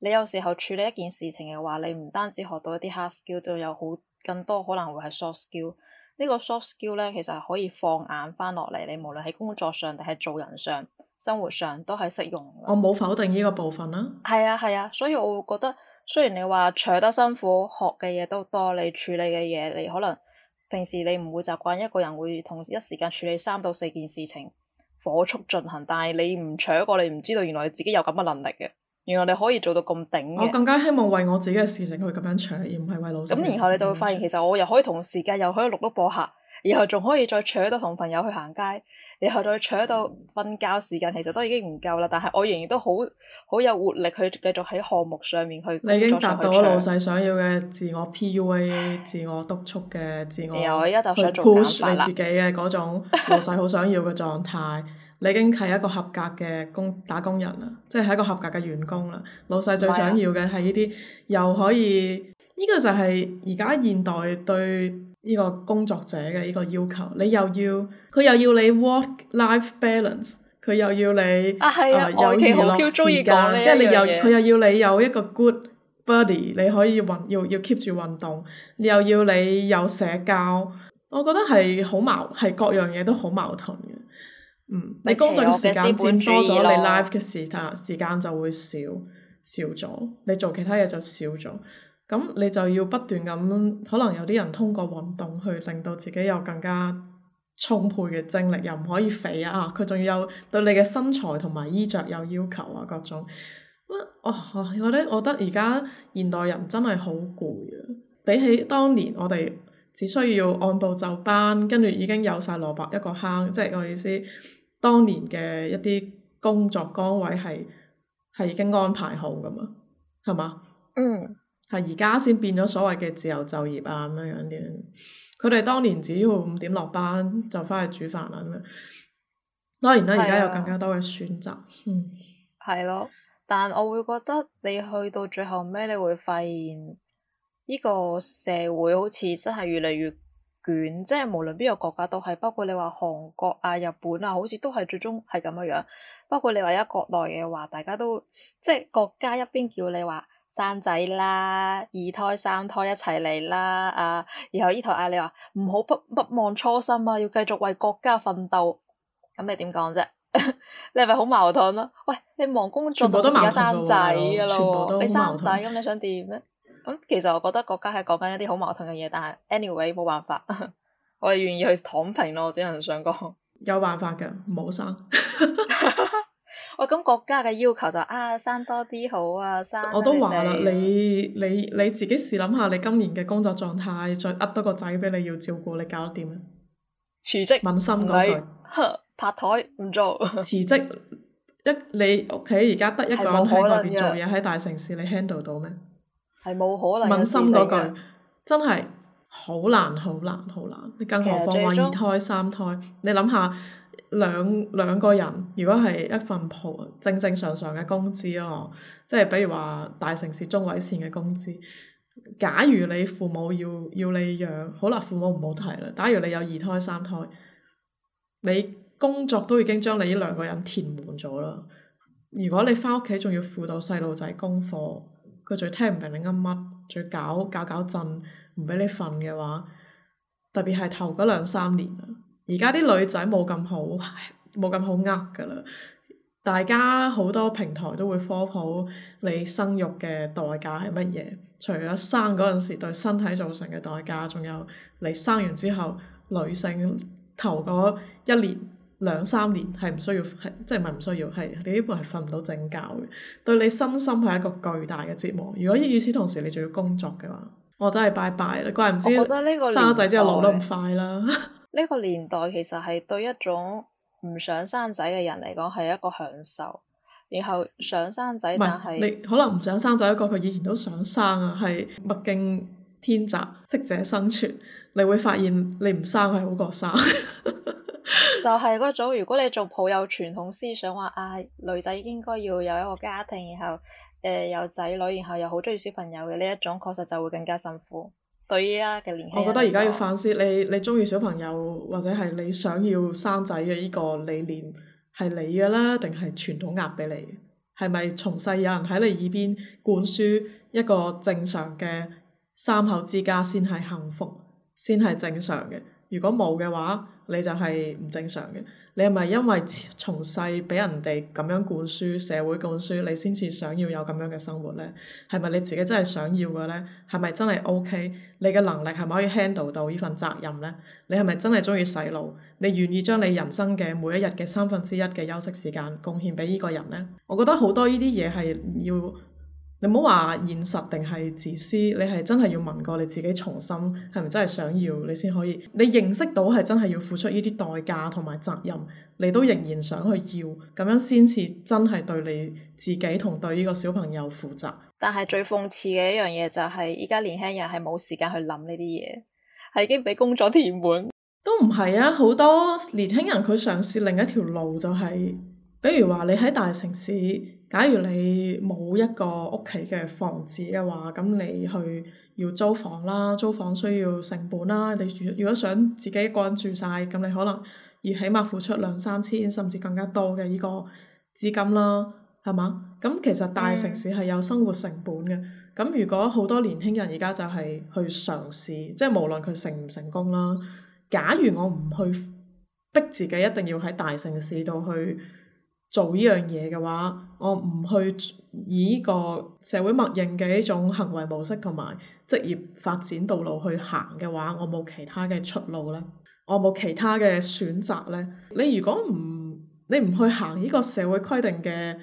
S2: 你有時候處理一件事情嘅話，你唔單止學到一啲 hard skill，都有好更多可能會係 soft skill。呢、呢個 soft skill 咧，其實係可以放眼翻落嚟，你無論喺工作上定係做人上、生活上，都係適用。我冇否定
S1: 呢個部分啦。
S2: 係啊係啊，所以我會覺得雖然你話取得辛苦，學嘅嘢都多，你處理嘅嘢你可能。平時你唔會習慣一個人會同時一時間處理三到四件事情，火速進行。但係你唔搶過，你唔知道原來你自己有咁嘅能力嘅。原來你可以做到咁頂。我更加
S1: 希望為我自己嘅事情去咁樣搶，而唔係為老闆。咁然後你就會發現，其
S2: 實我又可以同時間，又可以錄到播客。然後仲可以再扯到同朋友去行街，然後再扯到瞓覺時間，其實都已經唔夠啦。但係我仍然都好，好有活力去繼續喺項目上面去工作上去。你已經達到老細
S1: 想要嘅自我 PUA、 [LAUGHS] 自我督促嘅自我而家就想做你自己嘅嗰種老細好想要嘅狀態。 [LAUGHS] 你已經係一個合格嘅工打工人啦，即係係一個合格嘅員工啦。老細最想要嘅係呢啲又可以呢 [LAUGHS] 個就係而家現代對。呢個工作者嘅呢個要求，你又要佢又要你 work-life balance，佢又要你啊有娛樂時間，係啊，我其實好中意講，你又佢又要你有一個 good body，你可以運要要 keep 住運動，你又要你有社交，我覺得係好矛，係 [NOISE] 各樣嘢都好矛盾嘅。嗯，
S2: 是你工作嘅時間佔多咗，你
S1: life 嘅時間，時間就會少少咗，你做其他嘢就少咗。咁你就要不斷咁，可能有啲人通過運動去令到自己有更加充沛嘅精力，又唔可以肥啊！佢仲要有對你嘅身材同埋衣着有要求啊，各種。我、哦、我覺得我覺得而家現代人真係好攰啊！比起當年我哋只需要按部就班，跟住已經有晒蘿蔔一個坑，即係我意思，當年嘅一啲工作崗位係係已經安排好噶嘛，係嘛？嗯。係而家先變咗所謂嘅自由就業啊咁樣樣啲，佢哋當年只要五點落班就翻去煮飯啦咁樣。當然啦，而家有更加多嘅選擇。嗯，
S2: 係咯，但我會覺得你去到最後尾，你會發現呢個社會好似真係越嚟越卷，即係無論邊個國家都係，包括你話韓國啊、日本啊，好似都係最終係咁樣樣。包括你話而家國內嘅話，大家都即係國家一邊叫你話，生仔啦，二胎三胎一齊嚟啦，啊！然後呢頭嗌你話唔好不不忘初心啊，要繼續為國家奮鬥，咁你點講啫？ [LAUGHS] 你係咪好矛盾咯、啊？喂，你忙工作唔止生仔噶啦，你生仔咁你想點咧？咁、嗯、其實我覺得國家係講緊一啲好矛盾嘅嘢，但係 anyway 冇辦法， [LAUGHS] 我哋願意去躺平咯，我只能想講有辦法噶，冇生。 [LAUGHS] [LAUGHS] 我咁國家嘅要求就，啊生多啲好啊生，我都話啦，你
S1: 你你自己試諗下，你今年嘅工作狀態再呃多個仔畀你要照顧，你搞得掂咩？辭職，問心嗰
S2: 句，拍台唔做。辭職
S1: 一，你屋企而家得一個人喺外邊做嘢，喺大城市你 handle 到咩？
S2: 係冇可能。問心嗰句
S1: 真係好難，好難，好難。你更何況話二胎、三胎，你諗下？兩兩個人，如果係一份正正常常嘅工資啊，即係比如話大城市中位線嘅工資。假如你父母要要你養，好啦，父母唔好提啦。假如你有二胎三胎，你工作都已經將你呢兩個人填滿咗啦。如果你翻屋企仲要輔導細路仔功課，佢仲聽唔明你噏乜，仲要搞搞搞搞震，唔畀你瞓嘅話，特別係頭嗰兩三年啊！而家啲女仔冇咁好，冇咁好呃㗎啦。大家好多平台都會科普你生育嘅代價係乜嘢，除咗生嗰陣時對身體造成嘅代價，仲有你生完之後女性頭嗰一年兩三年係唔需要係，即係唔係唔需要係，你呢個係瞓唔到正覺嘅，對你身心係一個巨大嘅折磨。如果與此同時你仲要工作嘅話，我真係拜拜啦！怪唔知生仔之後老得咁快啦～
S2: 呢個年代其實係對一種唔想生仔嘅人嚟講係一個享受，然後想生仔是但係是你
S1: 可能唔想生仔一個佢以前都想生啊，係物競天擇，適者生存，你會發現你唔生係好過生。
S2: [LAUGHS] 就係嗰種，如果你做抱有傳統思想話啊，女仔應該要有一個家庭，然後誒、呃、有仔女，然後又好中意小朋友嘅呢一種，確實就會更加辛苦。對啊，舊年。我覺得而家要
S1: 反思，你你鍾意小朋友或者係你想要生仔嘅呢個理念係你嘅啦，定係傳統壓畀你？係咪從細有人喺你耳邊灌輸一個正常嘅三口之家先係幸福，先係正常嘅？如果冇嘅話，你就係唔正常嘅。你係咪因為從細畀人哋咁樣灌輸、社會灌輸，你先至想要有咁樣嘅生活呢？係咪你自己真係想要嘅呢？係咪真係 OK？你嘅能力係咪可以 handle 到呢份責任呢？你係咪真係鍾意洗腦？你願意將你人生嘅每一日嘅三分之一嘅休息時間貢獻畀呢個人呢？我覺得好多呢啲嘢係要。你唔好話現實定係自私，你係真係要問過你自己重，從心係咪真係想要，你先可以。你認識到係真係要付出呢啲代價同埋責任，你都仍然想去要，咁樣先至真係對你自己同對呢個小朋友負責。
S2: 但係最諷刺嘅一樣嘢就係，而家年輕人係冇時間去諗呢啲嘢，係已經畀工作填滿。
S1: 都唔係啊，好多年輕人佢嘗試另一條路，就係、是，比如話你喺大城市。假如你冇一個屋企嘅房子嘅話，咁你去要租房啦，租房需要成本啦。你如果想自己一個人住晒，咁你可能要起碼付出兩三千，甚至更加多嘅呢個資金啦，係嘛？咁其實大城市係有生活成本嘅。咁如果好多年輕人而家就係去嘗試，即係無論佢成唔成功啦。假如我唔去逼自己一定要喺大城市度去，做呢樣嘢嘅話，我唔去以呢個社會默認嘅呢種行為模式同埋職業發展道路去行嘅話，我冇其他嘅出路咧，我冇其他嘅選擇咧。你如果唔，你唔去行呢個社會規定嘅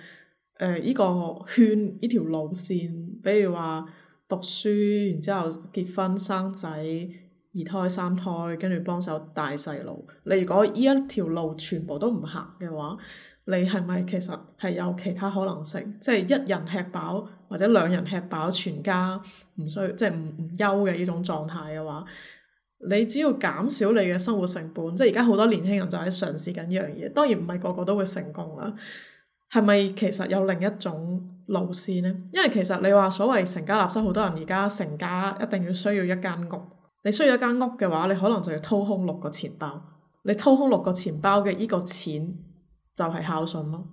S1: 誒，呢個圈呢條路線，比如話讀書，然之後結婚生仔，二胎三胎，跟住幫手帶細路。你如果呢一條路全部都唔行嘅話，你係咪其實係有其他可能性？即係一人吃飽或者兩人吃飽，全家唔需即係唔唔憂嘅呢種狀態嘅話，你只要減少你嘅生活成本，即係而家好多年輕人就喺嘗試緊呢樣嘢。當然唔係個個都會成功啦。係咪其實有另一種路線呢？因為其實你話所謂成家立室，好多人而家成家一定要需要一間屋。你需要一間屋嘅話，你可能就要掏空六個錢包。你掏空六個錢包嘅呢個錢。就係孝順咯，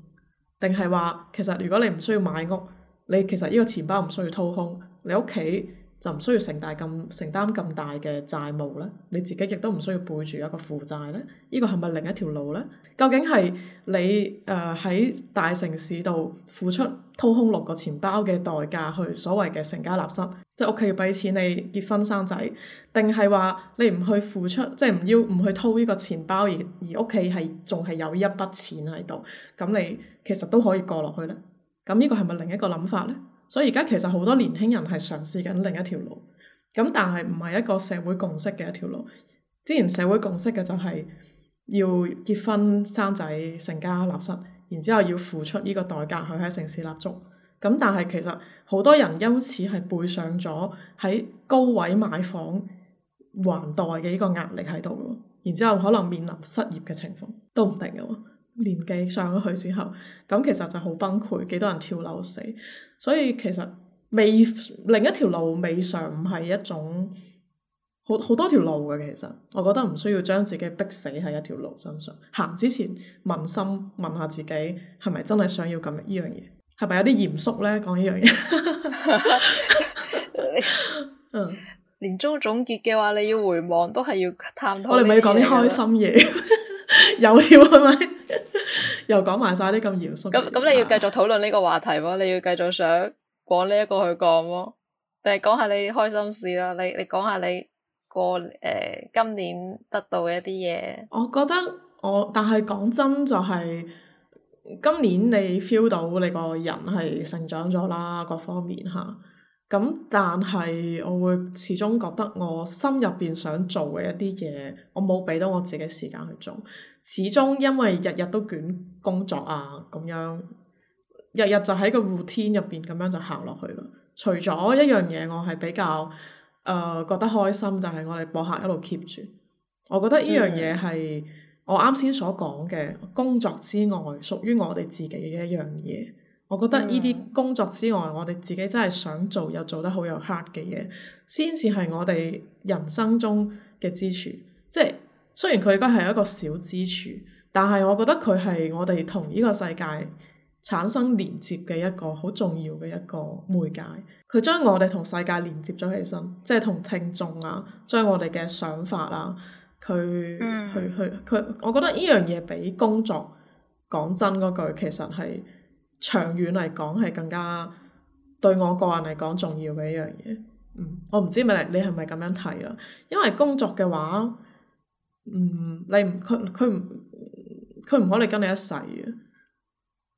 S1: 定係話其實如果你唔需要買屋，你其實呢個錢包唔需要掏空，你屋企，就唔需要承大咁承擔咁大嘅債務呢，你自己亦都唔需要背住一個負債呢。呢個係咪另一條路呢？究竟係你誒喺、呃、大城市度付出掏空六個錢包嘅代價去所謂嘅成家立室，即係屋企要畀錢你結婚生仔，定係話你唔去付出，即係唔要唔去掏呢個錢包而，而屋企係仲係有一筆錢喺度，咁你其實都可以過落去呢？咁呢個係咪另一個諗法呢？所以而家其實好多年輕人係嘗試緊另一條路，咁但係唔係一個社會共識嘅一條路。之前社會共識嘅就係要結婚生仔成家立室，然之後要付出呢個代價去喺城市立足。咁但係其實好多人因此係背上咗喺高位買房還貸嘅呢個壓力喺度，然之後可能面臨失業嘅情況都唔定嘅喎。年紀上咗去之後，咁其實就好崩潰，幾多人跳樓死。所以其實，未另一條路未嘗唔係一種好，好多條路嘅。其實我覺得唔需要將自己逼死喺一條路身上。行之前問心，問下自己，係咪真係想要咁呢樣嘢？係咪有啲嚴肅咧講呢樣嘢？
S3: 嗯，
S2: 年終總結嘅話，你要回望都係要探討。我哋咪要講啲開心嘢， [LAUGHS] [LAUGHS] 有條係咪？是 [LAUGHS] 又講埋晒啲咁嚴肅嘅。咁咁你要繼續討論呢個話題喎，你要繼續想講呢一個去講喎，定係講下你開心事啦，啊？你你講下你過誒、呃、今年得到嘅一啲嘢。我覺得我，
S1: 但係講真就係今年你 feel 到你個人係成長咗啦，各方面嚇。咁但係我會始終覺得我心入邊想做嘅一啲嘢，我冇俾到我自己時間去做。始終因為日日都捲工作啊，咁樣日日就喺個 routine 入邊咁樣就行落去啦。除咗一樣嘢，我係比較誒、呃、覺得開心，就係、是、我哋博客一路 keep 住。我覺得呢樣嘢係我啱先所講嘅工作之外，屬於我哋自己嘅一樣嘢。.我覺得呢啲工作之外，嗯、我哋自己真係想做又做得好有 heart 嘅嘢，先至係我哋人生中嘅支柱。即係雖然佢而家係一個小支柱，但係我覺得佢係我哋同呢個世界產生連接嘅一個好重要嘅一個媒介。佢將我哋同世界連接咗起身，即係同聽眾啊，將我哋嘅想法啊，佢去去佢。我覺得呢樣嘢比工作講真嗰句，其實係。長遠嚟講係更加對我個人嚟講重要嘅一樣嘢，嗯，我唔知瑪利奧你係咪咁樣睇啦，因為工作嘅話，嗯，你唔佢佢唔佢唔可能跟你一世嘅，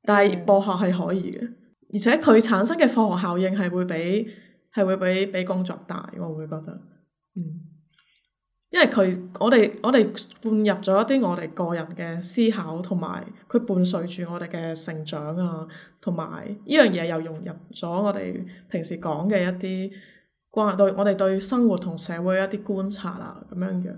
S1: 但係播客係可以嘅，而且佢產生嘅化學效應係會比係會比比工作大，我會覺得，嗯。因為佢，我哋我哋灌入咗一啲我哋個人嘅思考，同埋佢伴隨住我哋嘅成長啊，同埋呢樣嘢又融入咗我哋平時講嘅一啲關、對，我哋對生活同社會一啲觀察啊。咁樣樣，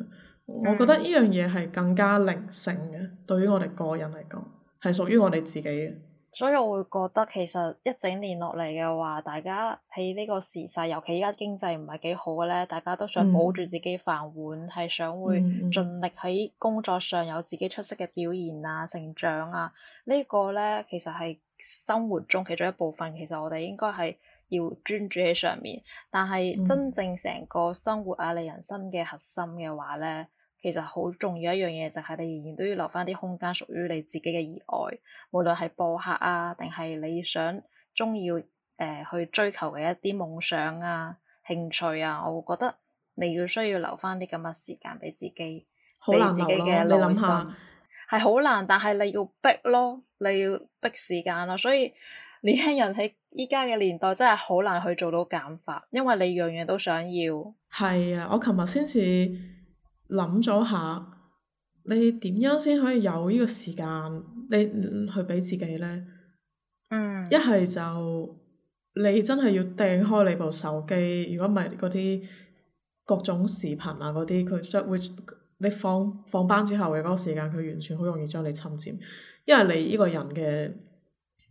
S1: 我覺得呢樣嘢係更加靈性嘅，對於我哋個人嚟講，係屬於我哋自己嘅。
S2: 所以我會覺得其實一整年落嚟嘅話，大家喺呢個時勢，尤其依家經濟唔係幾好嘅咧，大家都想保住自己飯碗，係、嗯、想會盡力喺工作上有自己出色嘅表現啊、成長啊。這個、呢個咧其實，係生活中其中一部分，其實我哋應該，係要專注喺上面。但係真正成個生活啊、你人生嘅核心嘅話咧。其實好重要一樣嘢，就係、是、你仍然都要留翻啲空間屬於你自己嘅熱愛，無論係播客啊，定係你想中意誒去追求嘅一啲夢想啊、興趣啊，我會覺得你要需要留翻啲咁嘅時間俾自己，
S1: 俾自己嘅內心
S2: 係好難，但係你要逼咯，你要逼時間咯、啊，所以年輕人喺依家嘅年代真係好難去做到減法，因為你樣樣都想要。係
S1: 啊，我琴日先至。諗咗下，你點樣先可以有呢個時間，你去畀自己呢？
S3: 一
S1: 係、嗯、就你真係要掟開你部手機，如果唔係嗰啲各種視頻啊嗰啲，佢將會你放放班之後嘅嗰個時間，佢完全好容易將你侵佔，因為你呢個人嘅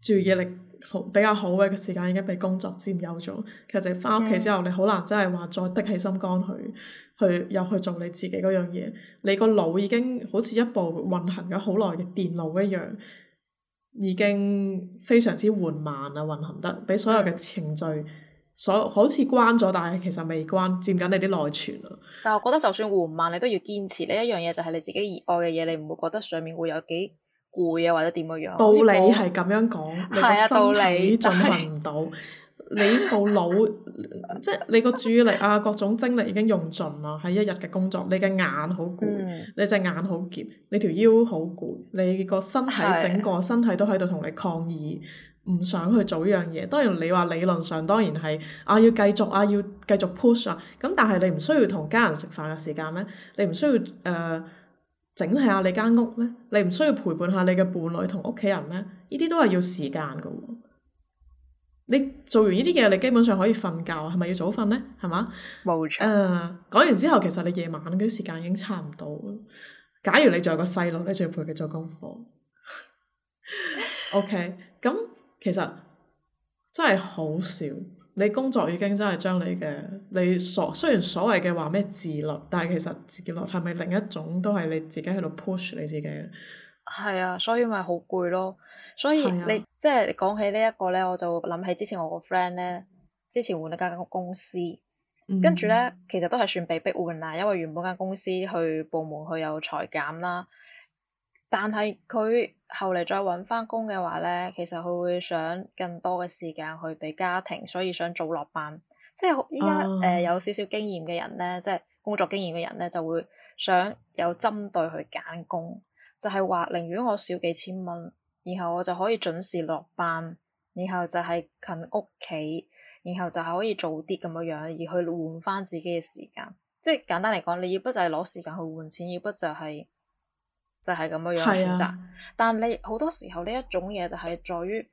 S1: 注意力。好比較好嘅時間已經俾工作佔有咗，其實就係返屋企之後，嗯、你好難真係話再的起心肝去去又去做你自己嗰樣嘢。你個腦已經好似一部運行咗好耐嘅電腦一樣，已經非常之緩慢啦，運行得俾所有嘅程序所好似關咗，但係其實未關，佔緊你啲內存啊。
S2: 但係我覺得就算緩慢，你都要堅持呢一樣嘢，就係你自己熱愛嘅嘢，你唔會覺得上面會有幾。會啊，或者點個樣？道理係
S1: 咁樣講，我你個身體盡運唔到， [LAUGHS] 你部腦即係、就是、你個注意力啊，各種精力已經用盡啦。喺一日嘅工作，你嘅眼好攰、嗯，你隻眼好澀，你條腰好攰，你個身體、嗯、整個身體都喺度同你抗議，唔的想去做呢樣嘢。當然你話理論上當然係啊，要繼續啊，要繼續 push 啊。咁但係你唔需要同家人食飯嘅時間咩？你唔需要誒？呃整下你間屋咩？你唔需要陪伴下你嘅伴侶同屋企人咩？呢啲都係要時間嘅喎、哦。你做完呢啲嘢，你基本上可以瞓覺，係咪要早瞓咧？係嘛？冇錯。誒，uh, 講完之後，其實你夜晚嗰啲時間已經差唔多。假如你仲有個細路，你仲要陪佢做功課。 [LAUGHS] OK，咁其實真係好笑。你工作已經真係將你嘅，你所雖然所謂嘅話咩自律，但係其實自律係咪另一種都係你自己喺度 push 你自己？
S2: 係啊，所以咪好攰咯。所以你、啊、即係講起呢、這、一個咧，我就諗起之前我個 friend 咧，之前換一間公公司，
S3: 嗯、跟住咧
S2: 其實都係算被逼換啦，因為原本間公司去部門佢有裁減啦。但係佢後嚟再揾翻工嘅話咧，其實佢會想更多嘅時間去俾家庭，所以想早落班。即係依家誒有少少經驗嘅人咧，即係工作經驗嘅人咧，就會想有針對去揀工，就係話寧願我少幾千蚊，然後我就可以準時落班，然後就係近屋企，然後就係可以早啲咁樣樣，而去換翻自己嘅時間。即係簡單嚟講，你要不就係攞時間去換錢，要不就係、是。就係咁樣樣選擇，是啊、但你好多時候呢一種嘢就係在於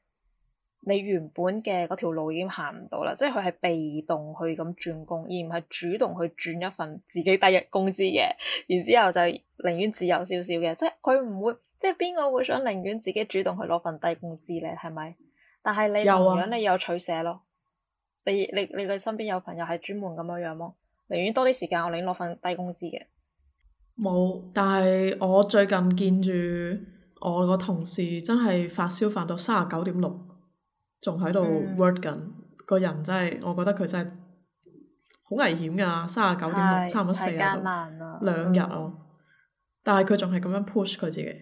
S2: 你原本嘅嗰條路已經行唔到啦，即係佢係被動去咁轉工，而唔係主動去轉一份自己低人工資嘅。然之後就寧願自由少少嘅，即係佢唔會即係邊個會想寧願自己主動去攞份低工資咧？係咪？但係你同樣你有取捨咯。有啊、你你你嘅身邊有朋友係專門咁樣樣咯，寧願多啲時間，我寧願攞份低工資嘅。
S1: 冇，但係我最近見住我個同事真係發燒6，發到三十九點六，仲喺度 work 緊，個人真係，我覺得佢真係好危險噶，三十九點六，差唔多四十度，兩日哦、啊。嗯、但係佢仲係咁樣 push 佢自己，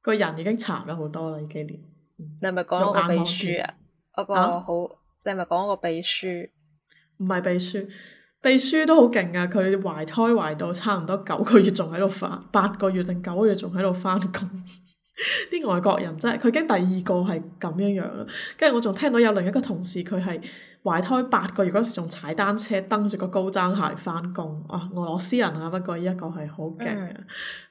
S1: 個人已經殘咗好多啦，依幾年。嗯、
S2: 你係咪講個秘書啊？一、嗯、個好，你係咪講個秘書？唔係、啊、秘書。秘書都好勁啊。佢
S1: 懷胎懷到差唔多九個月，仲喺度翻八個月定九個月仲喺度翻工。啲 [LAUGHS] 外國人真係，佢驚第二個係咁樣樣啦。跟住我仲聽到有另一個同事，佢係懷胎八個月嗰時仲踩單車蹬住個高踭鞋翻工。啊，俄羅斯人啊，不過呢一個係好勁啊，嗯、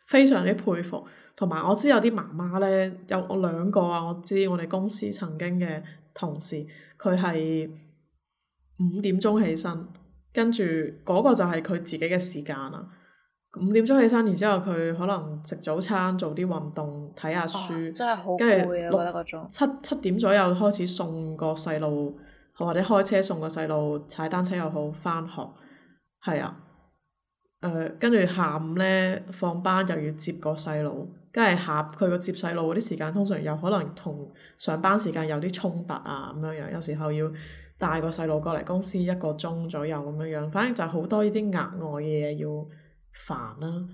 S1: 非常之佩服。同埋我知有啲媽媽咧，有我兩個啊，我知我哋公司曾經嘅同事，佢係五點鐘起身。跟住嗰個就係佢自己嘅時間啦。五點鐘起身，然之後佢可能食早餐、做啲運動、睇下書，真係好攰啊！跟住七七點左右開始送個細路，或者開車送個細路踩單車又好翻學，係啊。呃，跟住下午呢，放班又要接個細路，跟住下佢個接細路嗰啲時間，通常有可能同上班時間有啲衝突啊咁樣樣，有時候要。帶個細路過嚟公司一個鐘左右咁樣樣，反正就好多呢啲額外嘅嘢要煩啦、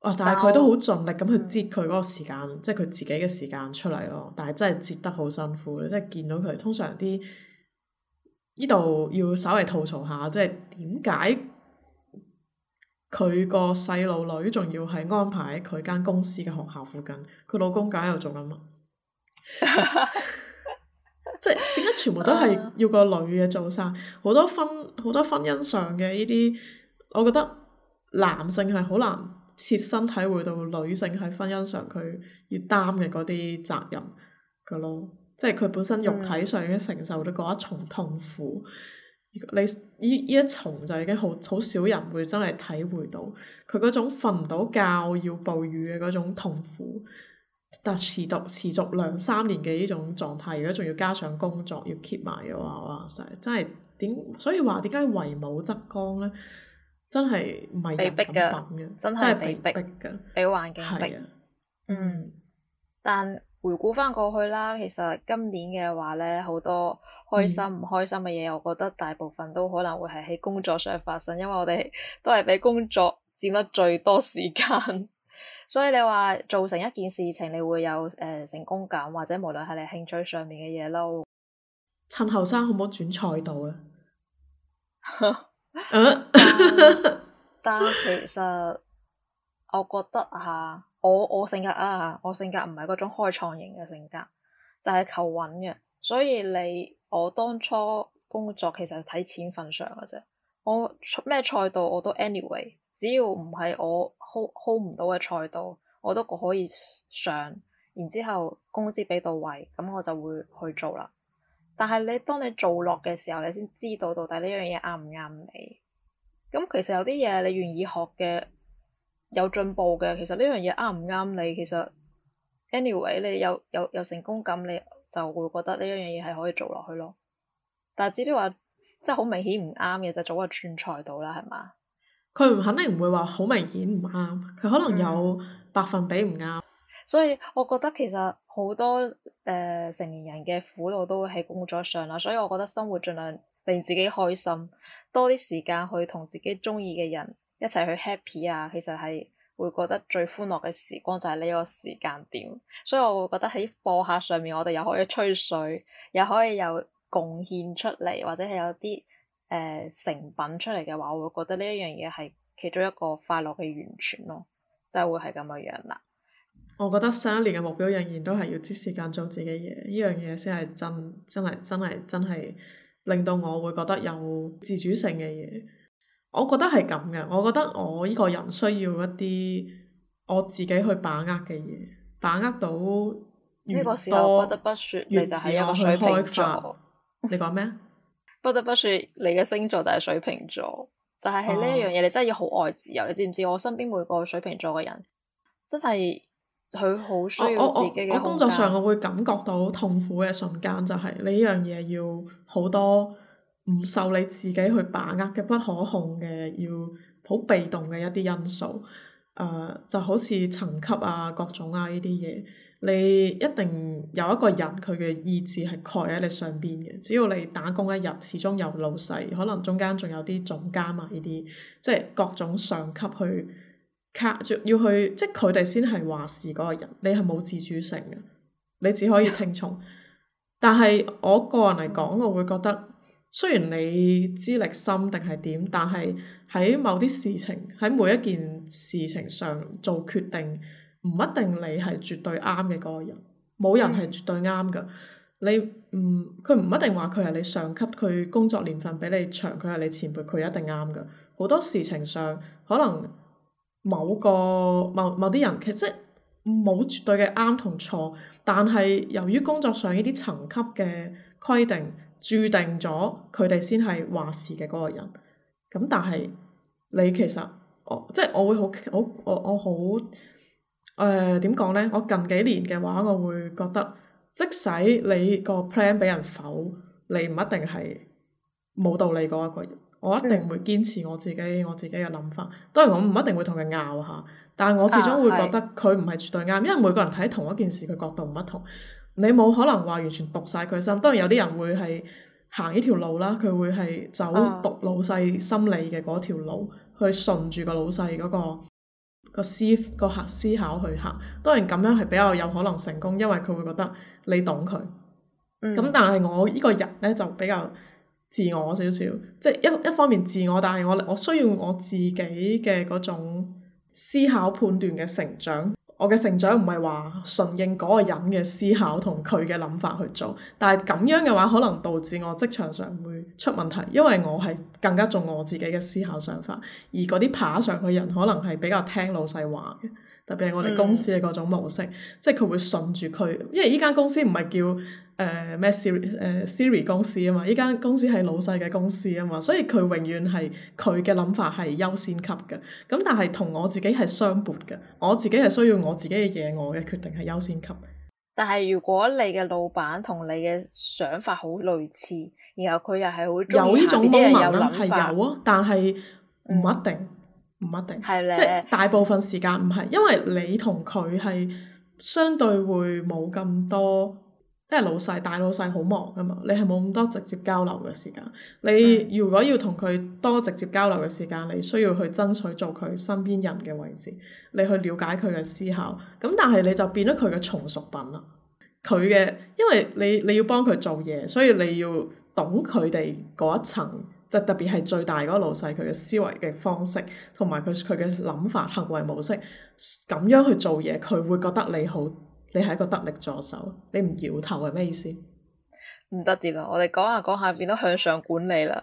S1: 啊啊。但係佢都好盡力咁去接佢嗰個時間，即係佢自己嘅時間出嚟咯。但係真係接得好辛苦，即係見到佢通常啲呢度要稍微吐槽下，即係點解佢個細路女仲要係安排喺佢間公司嘅學校附近？佢老公梗係度做緊乜？ [LAUGHS] 全部都係要個女嘅做晒，好多婚好多婚姻上嘅呢啲，我覺得男性係好難切身體會到女性喺婚姻上佢要擔嘅嗰啲責任㗎咯，即係佢本身肉體上已經承受咗嗰一重痛苦，嗯、你呢呢一重就已經好好少人會真係體會到佢嗰種瞓唔到覺要哺乳嘅嗰種痛苦。但持續持續兩三年嘅呢種狀態，如果仲要加上工作要 keep 埋嘅話，哇塞！真係點？所以話點解為母則剛咧？真係
S3: 唔係人品嘅，真係被逼嘅，
S2: 俾環境逼、啊。嗯，但回顧翻過去啦，其實今年嘅話咧，好多開心唔開心嘅嘢，嗯、我覺得大部分都可能會係喺工作上發生，因為我哋都係俾工作佔得最多時間。所以你話做成一件事情，你會有誒、呃、成功感，或者無論係你興趣上面嘅嘢咯。趁後年生、嗯、可唔可以轉賽道咧、啊？ [LAUGHS] [LAUGHS] 但其實我覺得啊，我我性格啊，我性格唔係嗰種開創型嘅性格，就係、是、求穩嘅。所以你我當初工作其實係睇錢份上嘅啫。我出咩賽道我都 anyway。只要唔係我 hold hold 唔到嘅賽道，我都可以上。然之後工資畀到位，咁我就會去做啦。但係你當你做落嘅時候，你先知道到底呢樣嘢啱唔啱你。咁其實有啲嘢你願意學嘅，有進步嘅，其實呢樣嘢啱唔啱你，其實 anyway 你有有有成功感，你就會覺得呢一樣嘢係可以做落去咯。但係至於話即係好明顯唔啱嘅就是、早就轉賽道啦，係嘛？
S1: 佢唔肯定唔會話好明顯唔啱，佢可能有百分比唔啱。嗯、
S2: 所以，我覺得其實好多誒、呃、成年人嘅苦惱都會喺工作上啦。所以，我覺得生活盡量令自己開心，多啲時間去同自己中意嘅人一齊去 happy 啊。其實係會覺得最歡樂嘅時光就係呢個時間點。所以我會覺得喺播客上面，我哋又可以吹水，又可以有貢獻出嚟，或者係有啲，呃、成品出嚟嘅話，我會覺得呢一樣嘢係其中一個快樂嘅源泉咯，就會係咁嘅樣啦。我覺得新
S1: 一年嘅目標仍然都係要即時間做自己嘢，呢樣嘢先係真，真係真係真係令到我會覺得有自主性嘅嘢。我覺得係咁嘅，我覺得我呢個人需要一啲我自己去把握嘅嘢，把握到。
S2: 呢個時候不得不說，你就係一個水瓶座。
S1: 你講咩？ [LAUGHS]
S2: 不得不説，你嘅星座就係水瓶座，就係喺呢一樣嘢，你真係要好愛自由。你知唔知我身邊每個水瓶座嘅人，真係佢好需要自己嘅空間。啊、工作上
S1: 我會感覺到痛苦嘅瞬間，就係呢樣嘢要好多唔受你自己去把握嘅不可控嘅，要好被動嘅一啲因素。誒、呃，就好似層級啊，各種啊呢啲嘢。你一定有一個人，佢嘅意志係蓋喺你上邊嘅。只要你打工一日，始終有老細，可能中間仲有啲總監嘛、啊，呢啲即係各種上級去卡住，要去即係佢哋先係話事嗰個人，你係冇自主性嘅，你只可以聽從。 [LAUGHS] 但係我個人嚟講，我會覺得雖然你資歷深定係點，但係喺某啲事情喺每一件事情上做決定。唔一定你係絕對啱嘅嗰個人，冇人係絕對啱㗎。你唔佢唔一定話佢係你上級，佢工作年份比你長，佢係你前輩，佢一定啱㗎。好多事情上可能某個某某啲人，其實冇絕對嘅啱同錯，但係由於工作上呢啲層級嘅規定，註定咗佢哋先係話事嘅嗰個人。咁但係你其實我即係我會好好我我好。我誒點講呢？我近幾年嘅話，我會覺得，即使你個 plan 畀人否，你唔一定係冇道理嗰一個人。我我一定會堅持我自己我自己嘅諗法。當然我唔一定會同佢拗下，但係我始終會覺得佢唔係絕對啱，啊、因為每個人睇同一件事嘅角度唔一同。你冇可能話完全讀晒佢心。當然有啲人會係行呢條路啦，佢會係走讀老細心理嘅嗰條路，啊、去順住、個老細嗰個。個思個客思考去行，當然咁樣係比較有可能成功，因為佢會覺得你懂佢。
S3: 咁、嗯、
S1: 但係我呢個人呢，就比較自我少少，即一一方面自我，但係我我需要我自己嘅嗰種思考判斷嘅成長。我嘅成長唔係話順應嗰個人嘅思考同佢嘅諗法去做，但係咁樣嘅話，可能導致我職場上會出問題，因為我係更加重我自己嘅思考想法，而嗰啲爬上嘅人可能係比較聽老細話嘅。特別係我哋公司嘅嗰種模式，嗯、即係佢會順住佢，因為呢間公司唔係叫誒咩 Siri 誒 Siri 公司啊嘛，呢間公司係老細嘅公司啊嘛，所以佢永遠係佢嘅諗法係優先級嘅。咁但係同我自己係相悖嘅，我自己係需要我自己嘅嘢，我嘅決定係優先級。
S2: 但係如果你嘅老闆同你嘅想法好類似，然後佢又係會有呢種啲人諗法，係有
S1: 啊，但係唔一定。嗯
S2: 唔一定，吧即係
S1: 大部分時間唔係，因為你同佢係相對會冇咁多，即係老細，大老細好忙㗎嘛，你係冇咁多直接交流嘅時間。你如果要同佢多直接交流嘅時間，你需要去爭取做佢身邊人嘅位置，你去了解佢嘅思考。咁但係你就變咗佢嘅從屬品啦。佢嘅，因為你你要幫佢做嘢，所以你要懂佢哋嗰一層。就特別係最大嗰老細，佢嘅思維嘅方式，同埋佢佢嘅諗法、行為模式，咁樣去做嘢，佢會覺得你好，你係一個得力助手，你唔搖頭係咩意思？
S2: 唔得掂啊，我哋講下講下變咗向上管理啦，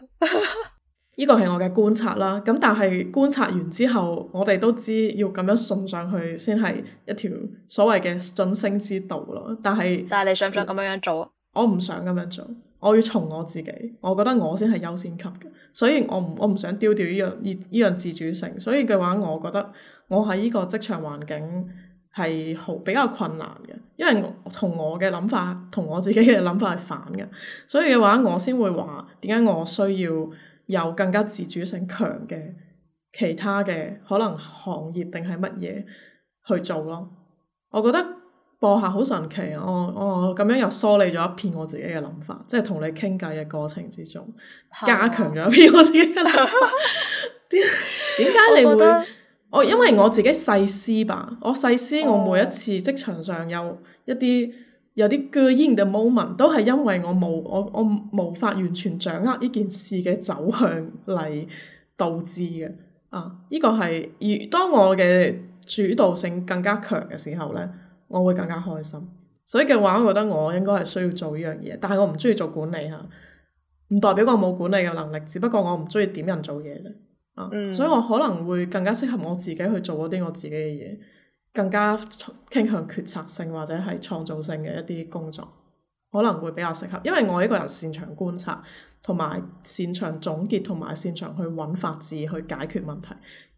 S2: 呢
S1: 個係我嘅觀察啦。咁但係觀察完之後，我哋都知要咁樣送上去先係一條所謂嘅晉升之道咯。但係但係你想唔想咁樣樣做啊？我唔想咁樣做。我要從我自己，我覺得我先係優先級嘅，所以我唔我唔想丟掉呢樣呢樣自主性。所以嘅話，我覺得我喺呢個職場環境係好比較困難嘅，因為同我嘅諗法同我自己嘅諗法係反嘅。所以嘅話，我先會話點解我需要有更加自主性強嘅其他嘅可能行業定係乜嘢去做咯，我覺得。播客好神奇，我我咁樣又梳理咗一遍我自己嘅諗法，即係同你傾偈嘅過程之中，的加強咗一遍我自己嘅諗法。點 [LAUGHS] 解你會？我覺得我因為我自己細思吧，我細思、哦、我每一次職場上有一啲有啲嘅 moment，都係因為我冇我我冇法完全掌握呢件事嘅走向嚟導致嘅啊！依、呢個係而當我嘅主導性更加強嘅時候咧。我會更加開心，所以嘅話，我覺得我應該係需要做呢樣嘢。但係我唔中意做管理嚇，唔代表我冇管理嘅能力，只不過我唔中意點人做嘢啫。啊、嗯，所以我可能會更加適合我自己去做嗰啲我自己嘅嘢，更加傾向決策性或者係創造性嘅一啲工作，可能會比較適合。因為我呢個人擅長觀察，同埋擅長總結，同埋擅長去揾法子去解決問題。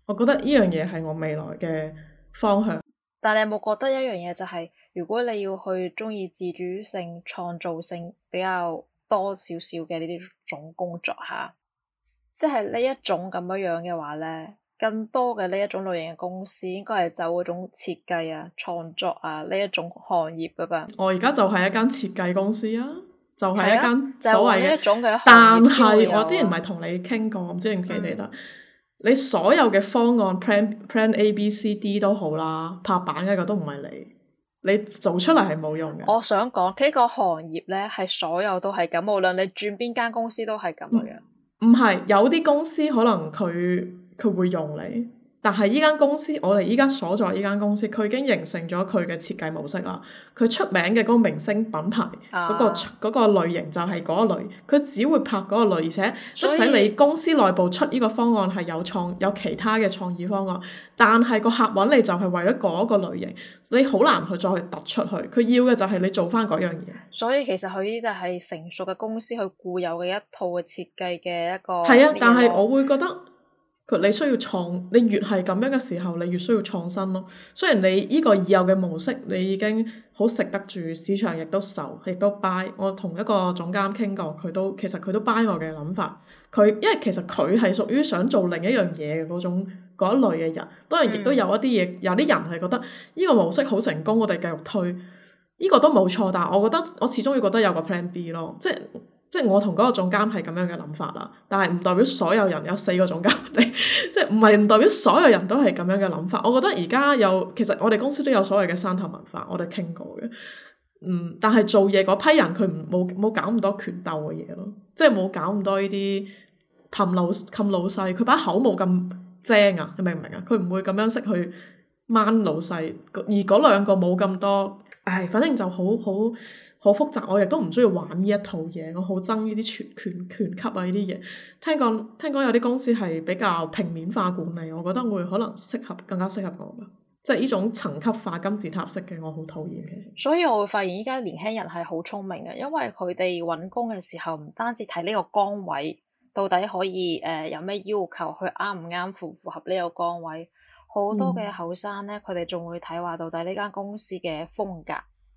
S1: 我覺得呢樣嘢係我未來嘅方向。
S2: 但你有冇覺得一樣嘢就係、是、如果你要去鍾意自主性、創造性比較多少少嘅呢啲種工作嚇、啊，即係呢一種咁樣樣嘅話咧，更多嘅呢一種類型嘅公司應該係走嗰種設計啊、創作啊呢一種行業噶吧？
S1: 我而家就係一間設計公司啊，就係、是、一間所謂、啊就是、一
S2: 種
S3: 嘅。但係我之前
S1: 咪同你傾過，唔知你唔記得、嗯？你所有嘅方案 plan plan A B C D 都好啦，拍板嘅個都唔係你，你做出嚟係冇用嘅。
S2: 我想講呢、呢個行業咧，係所有都係咁，無論你轉邊間公司都係咁樣。
S1: 唔係，有啲公司可能佢佢會用你。但係呢間公司，我哋依家所在呢間公司，佢已經形成咗佢嘅設計模式啦。佢出名嘅嗰個明星品牌，嗰、啊嗰個嗰、嗰個、類型就係嗰一類，佢只會拍嗰個類。而且以即使你公司內部出呢個方案係有創有其他嘅創意方案，但係個客揾你就係為咗嗰個類型，你好難去再去突出去。佢要嘅就係你做翻嗰樣嘢。
S2: 所以其實佢呢啲就係成熟嘅公司，佢固有嘅一套嘅設計嘅一個。係啊，但係
S1: 我會覺得。佢你需要創，你越係咁樣嘅時候，你越需要創新咯。雖然你呢個已有嘅模式，你已經好食得住市場，亦都受，亦都 buy。我同一個總監傾過，佢都其實佢都 buy 我嘅諗法。佢因為其實佢係屬於想做另一樣嘢嘅嗰種嗰一類嘅人。當然亦都有一啲嘢，嗯、有啲人係覺得呢個模式好成功，我哋繼續推。呢、呢個都冇錯，但係我覺得我始終要覺得有個 plan B 咯，即係。即係我同嗰個總監係咁樣嘅諗法啦，但係唔代表所有人有四個總監， [LAUGHS] 即係唔係唔代表所有人都係咁樣嘅諗法。我覺得而家有其實我哋公司都有所謂嘅山頭文化，我哋傾過嘅，嗯，但係做嘢嗰批人佢唔冇冇搞咁多權鬥嘅嘢咯，即係冇搞咁多呢啲氹老氹老細，佢把口冇咁精啊，你明唔明啊？佢唔會咁樣識去掹老細，而嗰兩個冇咁多，唉，反正就好好。好複雜，我亦都唔需要玩呢一套嘢。我好憎呢啲全權全級啊，呢啲嘢。聽講聽講，有啲公司係比較平面化管理，我覺得會可能適合更加適合我。即係呢種層級化金字塔式嘅，我好討厭其
S2: 實。所以，我會發現依家年輕人係好聰明嘅，因為佢哋揾工嘅時候唔單止睇呢個崗位到底可以誒、呃、有咩要求，佢啱唔啱符符合呢個崗位。好多嘅後生咧，佢哋仲會睇話到底呢間公司嘅風格。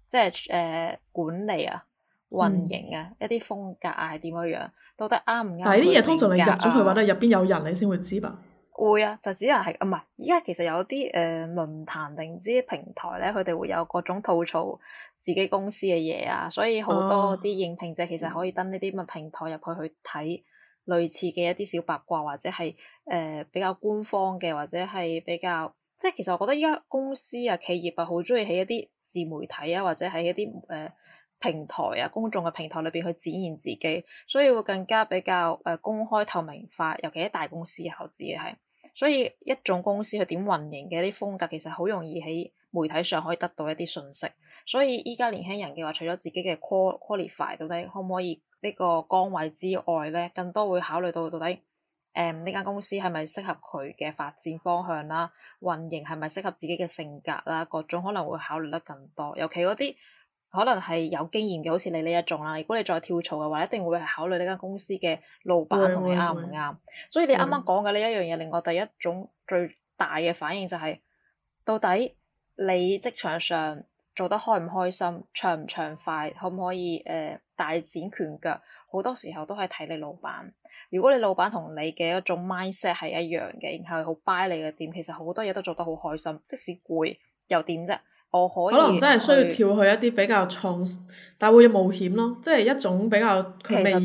S2: 即係誒、呃、管理啊、運營啊、嗯、一啲風格啊，係點樣樣到底啱唔啱？對對啊、但係啲嘢通常你入咗去話咧，入
S1: 邊有人你先會知吧。
S2: 會啊，就只能係唔係？依、啊、家其實有啲誒論壇定唔知平台咧，佢哋會有各種吐槽自己公司嘅嘢啊，所以好多啲應聘者其實可以登呢啲咁嘅平台入去去睇類似嘅一啲小八卦，或者係誒、呃、比較官方嘅，或者係比較。即係其實我覺得依家公司啊、企業啊，好中意喺一啲自媒體啊，或者喺一啲誒、呃、平台啊、公眾嘅平台裏邊去展現自己，所以會更加比較誒、呃、公開透明化，尤其係大公司考自己係，所以一種公司佢點運營嘅一啲風格，其實好容易喺媒體上可以得到一啲信息。所以依家年輕人嘅話，除咗自己嘅 qualify 到底可唔可以呢個崗位之外咧，更多會考慮到到底。誒呢間公司係咪適合佢嘅發展方向啦？運營係咪適合自己嘅性格啦？各種可能會考慮得更多，尤其嗰啲可能係有經驗嘅，好似你呢一種啦。如果你再跳槽嘅話，一定會係考慮呢間公司嘅老闆同你啱唔啱。嗯嗯嗯、所以你啱啱講嘅呢一樣嘢，令我第一種最大嘅反應就係、是，到底你職場上做得開唔開心、暢唔暢快、可唔可以誒、呃大展拳腳，好多時候都係睇你老闆。如果你老闆同你嘅一種 mindset 係一樣嘅，然後好 buy 你嘅點，其實好多嘢都做得好開心。即使攰又點啫？我可，可能真係需要跳
S1: 去一啲比較創，但會有冒險咯。即係一種比較未成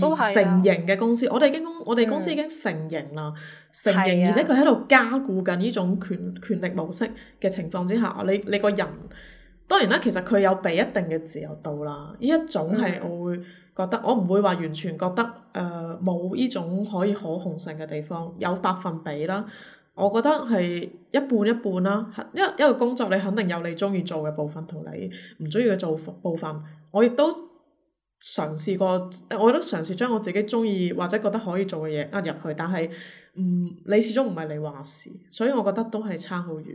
S1: 形嘅公司。啊、我哋已經我哋公司已經成形啦，成形，而且佢喺度加固緊呢種權權力模式嘅情況之下，你你個人。當然啦，其實佢有俾一定嘅自由度啦。呢一種係我會覺得，我唔會話完全覺得誒冇呢種可以可控性嘅地方，有百分比啦。我覺得係一半一半啦。一一個工作你肯定有你鍾意做嘅部分，同你唔鍾意嘅做部分。我亦都嘗試過，我都得嘗試將我自己鍾意或者覺得可以做嘅嘢呃入去，但係唔、嗯、你始終唔係你話事，所以我覺得都係差好遠。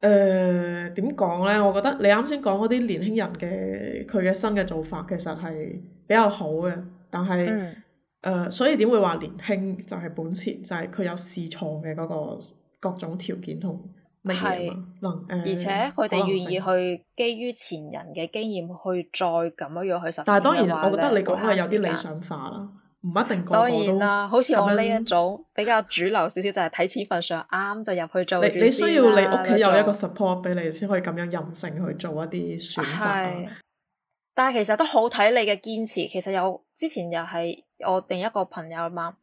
S1: 誒，點講咧？我覺得你啱先講嗰啲年輕人嘅佢嘅新嘅做法，其實係比較好嘅。但係誒、嗯呃，所以點會話年輕就係本錢？就係佢有試錯嘅嗰個各種條件同乜嘢能誒，呃、而且佢哋願意去
S2: 基於前人嘅經驗去再咁樣樣去實踐。但當然我覺得你講嘅有啲理想化啦。唔一定個個當然啦、啊，好似我呢一種比較主流少少， [LAUGHS] 就係睇錢份上啱就入去做、啊。你需要你屋企有一個
S1: support 俾做你，先可以咁樣任性去做一啲
S2: 選擇、啊。但係其實都好睇你嘅堅持。其實有之前又係我另一個朋友啊，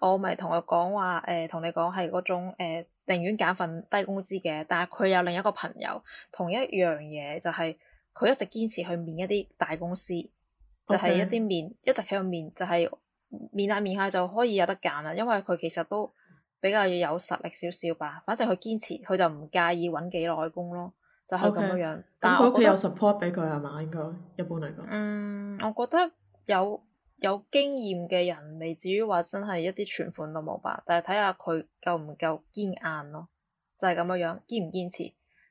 S2: 我咪同佢講話誒，同、呃、你講係嗰種誒，寧願揀份低工資嘅。但係佢有另一個朋友，同一樣嘢就係佢一直堅持去面一啲大公司，
S3: 就係、是、一啲
S2: 面 Okay. 一直喺度面，就係、是。面下面下就可以有得揀啦，因為佢其實都比較要有實力少少吧。反正佢堅持，佢就唔介意搵幾耐工咯，就係咁樣樣。Okay. 但係佢有
S1: support 俾佢係嘛？應該一般嚟講。嗯，
S2: 我覺得有有經驗嘅人未至於話真係一啲存款都冇吧。但係睇下佢夠唔夠堅硬咯，就係咁樣樣，堅唔堅持，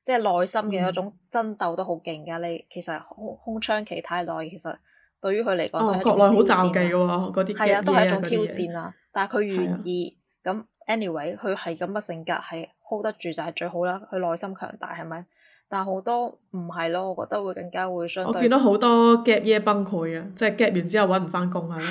S2: 即係內心嘅一種爭鬥都好勁噶。嗯、你其實空空窗期太耐，其實。對於佢嚟講，哦、都係一種
S1: 挑戰。係、哦、啊，啊都係一種挑戰啦。
S2: 但係佢願意咁，anyway，佢係咁嘅性格係 hold 得住就係最好啦。佢內心強大係咪？但係好多唔係咯，我覺得會更加會相對。我見到好
S1: 多 gap year 崩潰啊，即係 gap 完之後揾唔翻工啊咁樣嘅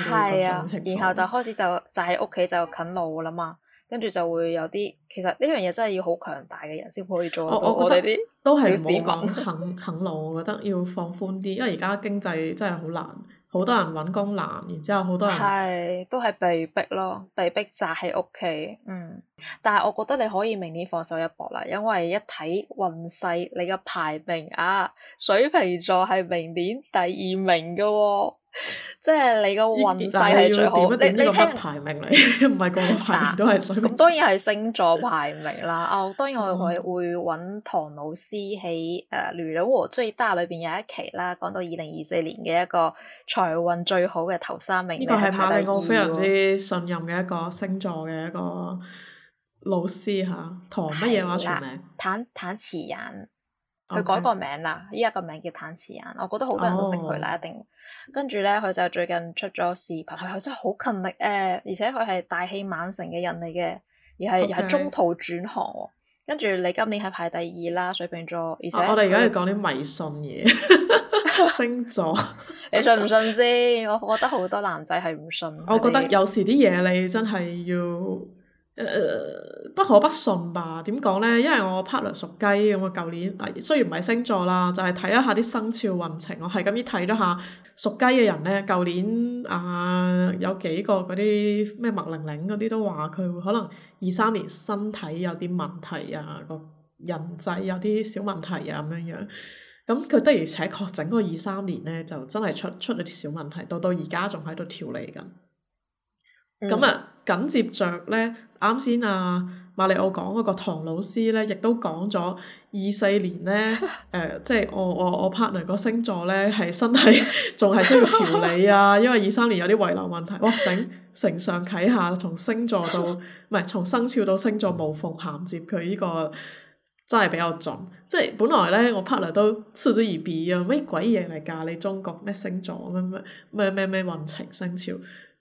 S2: 種情況、啊、然後就開始就就喺屋企就啃老啦嘛。跟住就會有啲，其實呢樣嘢真係要好強大嘅人先可以做得到我。我我覺得我都係唔好往
S1: 啃啃老，我覺得要放寬啲，因為而家經濟真係好難，好多人揾工難，然之後好多人係
S2: 都係被逼咯，被逼宅喺屋企。
S3: 嗯，
S2: 但係我覺得你可以明年放手一搏啦，因為一睇運勢，你嘅排名啊，水瓶座係明年第二名嘅喎、哦。即係你個運勢係最好，點點你你聽排名嚟，唔係個個排名對都係。咁當然係星座排名啦。啊、 [LAUGHS] 哦，當然我會會揾唐老師喺誒《驢佬和追打》最大裏邊有一期啦，講到二零二四年嘅一個財運最好嘅頭三名。呢個係馬利奧我非常之
S1: 信任嘅一個星座嘅一個老師吓、啊，唐乜嘢話全名？
S2: 坦坦遲人。佢改個名啦，依家個名叫坦慈眼。我覺得好多人都識佢啦，一定。跟住咧，佢就最近出咗視頻，佢真係好勤力誒，而且佢係大器晚成嘅人嚟嘅，而係係中途轉行。跟住你今年係排第二啦，水瓶座。而且、啊、我哋而家係講啲
S1: 迷信嘢，
S2: [LAUGHS] 星座 [LAUGHS] 你信唔信先？我我覺得好多男仔係唔信。我覺得，我覺得
S1: 有時啲嘢你真係要。
S2: 誒，uh, 不可不信
S1: 吧？點講呢？因為我 partner 屬雞咁啊，舊年啊，雖然唔係星座啦，就係、是、睇一下啲生肖運程。我係咁意睇咗下，屬雞嘅人呢，舊年啊、uh, 有幾個嗰啲咩麥玲玲嗰啲都話佢可能二三年身體有啲問題啊，個人際有啲小問題啊咁樣樣。咁佢的而且確整個二三年呢，就真係出出咗啲小問題，到到而家仲喺度調理緊咁。咁、嗯、啊～緊接着呢，啱先啊瑪利奧講嗰個唐老師呢，亦都講咗二四年呢，誒、呃，即、就、係、是、我我我 partner 個星座呢，係身體仲係需要調理啊， [LAUGHS] 因為二三年有啲遺留問題。哇頂！承上啟下，從星座到唔係，從生肖到星座無縫銜接，佢呢個真係比較準。即、就、係、是、本來呢，我 partner 都嗤之以鼻啊，咩鬼嘢嚟㗎？你中國咩星座咩咩咩咩咩運程生肖？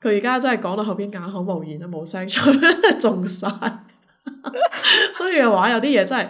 S1: 佢而家真係講到後邊，啞口無言都冇聲出，真 [LAUGHS] 係中曬 [LAUGHS] 所以嘅話，有啲嘢真係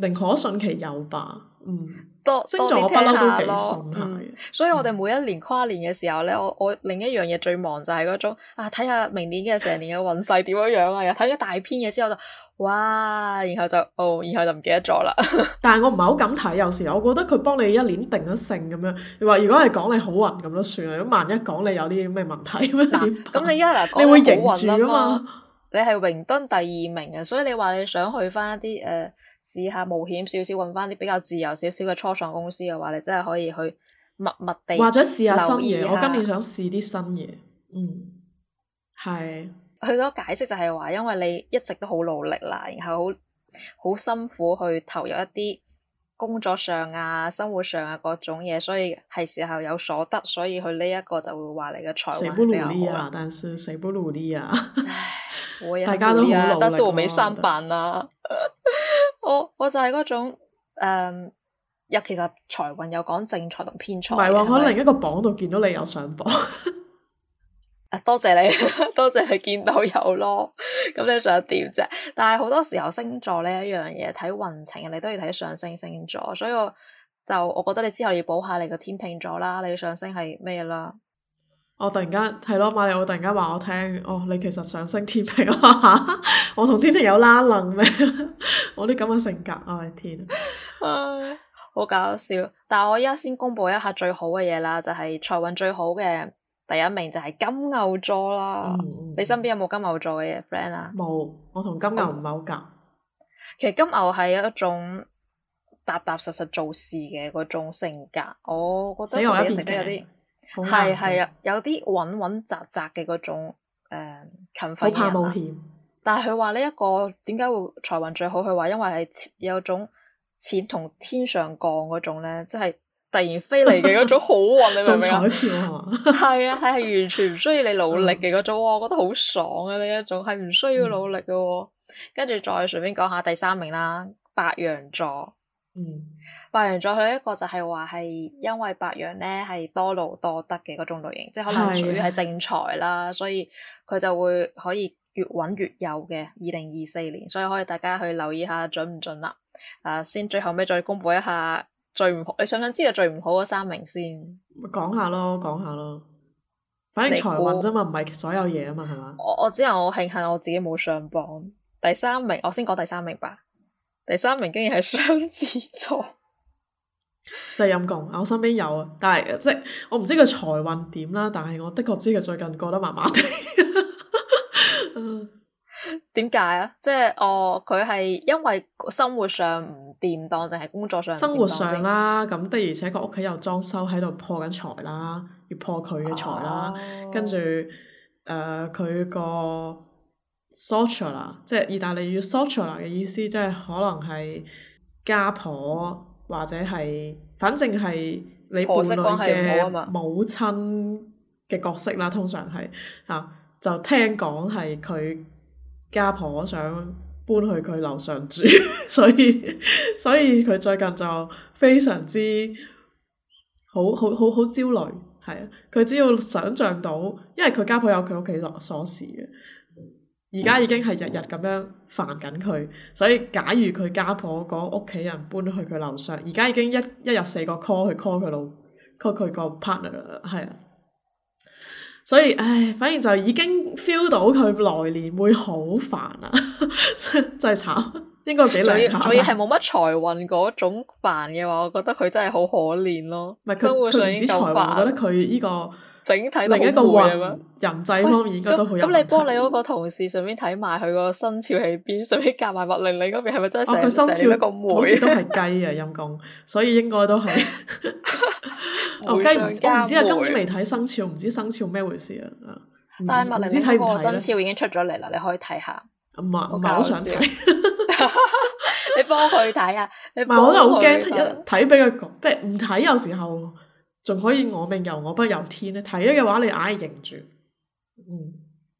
S1: 寧可信其有吧，嗯。多多聽下、星座
S2: 我不嬲都幾順下、嗯、所以我哋每一年跨年嘅時候咧，我我另一樣嘢最忙就係嗰種啊，睇下明年嘅成年嘅運勢點樣樣啊，又睇咗大篇嘢之後就哇，然後就哦，然後就唔記得咗啦。
S1: [LAUGHS] 但係我唔係好敢睇，有時候我覺得佢幫你一年定咗性咁樣，你話如果係講你好運咁都算啦，咁萬一講你有啲咩問題咁
S2: 樣咁你一日，啊，你，你會贏住啊嘛？你係榮登第二名啊，所以你話你想去翻一啲誒。呃試下冒險少少，搵翻啲比較自由少少嘅初創公司嘅話，你真係可以去默默地留意下。或者試下新嘢？我今年想
S1: 試啲新嘢，嗯，係。
S2: 佢個解釋就係話，因為你一直都好努力啦，然後好好辛苦去投入一啲工作上啊、生活上啊各種嘢，所以係時候有所得，所以佢呢一個就會話你嘅財運比較好。
S1: 但是誰不努力啊？ [LAUGHS]
S2: 會大家都啊，但係我冇上榜啊！我我就係嗰種誒，又、嗯、其實財運有講正財同偏財。唔係喎，喺另一個榜度見到你有上榜。啊！多謝你，多謝你見到有咯。咁你想點啫？但係好多時候星座呢一樣嘢睇運程，你都要睇上升星座。所以我就我覺得你之後要補下你個天秤座啦，你上升係咩啦？
S1: 我突然間係咯，瑪利奧，我突然間話我聽，哦，你其實想升天平啊？ [LAUGHS] 我同天平有拉楞咩？ [LAUGHS] 我啲咁嘅性格，哎天、啊，
S2: 唉、哎，好搞笑。但係我而家先公布一下最好嘅嘢啦，就係財運最好嘅第一名就係金牛座啦。嗯嗯、你身邊有冇金牛座嘅 friend 啊、嗯？
S1: 冇、嗯，我同金牛唔係好夾。
S2: 其實金牛係一種踏踏實實，實做事嘅嗰種性格，我覺得我一直都有啲。係係啊，有啲穩穩紮紮嘅嗰種誒，勤、呃、奮人啊。但係佢話呢一個點解會財運最好？佢話因為係有種錢同天上降嗰種咧，即、就、係、是、突然飛嚟嘅嗰種好運 [LAUGHS] 你中彩票啊！係 [LAUGHS] 啊，係係完全唔需要你努力嘅嗰種，我覺得好爽啊！呢一種係唔需要努力嘅、哦。跟住、嗯、再順便講下第三名啦，白羊座。嗯，白羊座佢一個就係話係因為白羊咧係多勞多得嘅嗰種類型，即係可能主要係正財啦，的所以佢就會可以越搵越有嘅。二零二四年，所以可以大家去留意下準唔準啦、啊。啊，先最後尾再公布一下最唔好，你想唔想知道最唔好嗰三名先？講下咯，講下咯，反正財運啫嘛，唔係所有嘢啊嘛，係嘛？我我之後我慶幸我自己冇上榜第三名，我先講第三名吧。第三名竟然係雙子座，真係
S1: 陰公。我身邊有，但係即係我唔知佢財運點啦。但係我，我的確知佢最近過得麻麻地。
S2: 點解啊？即係哦，佢係因為生活上唔掂當定係工作上？生活上
S1: 啦，咁的而且佢屋企又裝修喺度破緊財啦，要破佢嘅財啦。Oh. 跟住誒，佢、呃、個。Sorcella，即係意大利語。Sorcella 嘅意思即係可能係家婆或者係，反正係你伴侶嘅母親嘅角色啦。通常係吓，就聽講係佢家婆想搬去佢樓上住，所以所以佢最近就非常之好好好好焦慮。係啊，佢只要想象到，因為佢家婆有佢屋企嘅鎖匙嘅。而家已經係日日咁樣煩緊佢，所以假如佢家婆個屋企人搬去佢樓上，而家已經一一日四個 call 佢 call 佢老 call 佢個 partner 啦，係啊。所以唉，反正就已經 feel 到佢來年會好煩啊， [LAUGHS] 真係慘。
S2: 應該幾兩下。所以係冇乜財運嗰種煩嘅話，我覺得佢真係好可憐咯。唔係佢佢唔止財運，我覺
S1: 得佢呢個。
S2: 整體都好晦啊！人
S1: 際方面應該都好，咁你
S2: 幫你嗰個同事順便睇埋佢個生肖喺邊，順便夾埋麥玲玲嗰邊，係咪真係成日都係一個好似都係
S1: 雞啊陰公，所以應該都係。
S2: 我唔知啊，根本未睇
S1: 生肖，唔知生肖咩回事啊！
S2: 但係麥玲玲嗰個生肖已經出咗嚟啦，你可以睇下。
S1: 唔係，我好想睇。
S2: 你幫佢睇啊！唔係，我都好驚睇，
S1: 睇畀佢講，即係唔睇有時候。仲可以我命由我不由天咧，睇咗嘅話你硬係認住，嗯，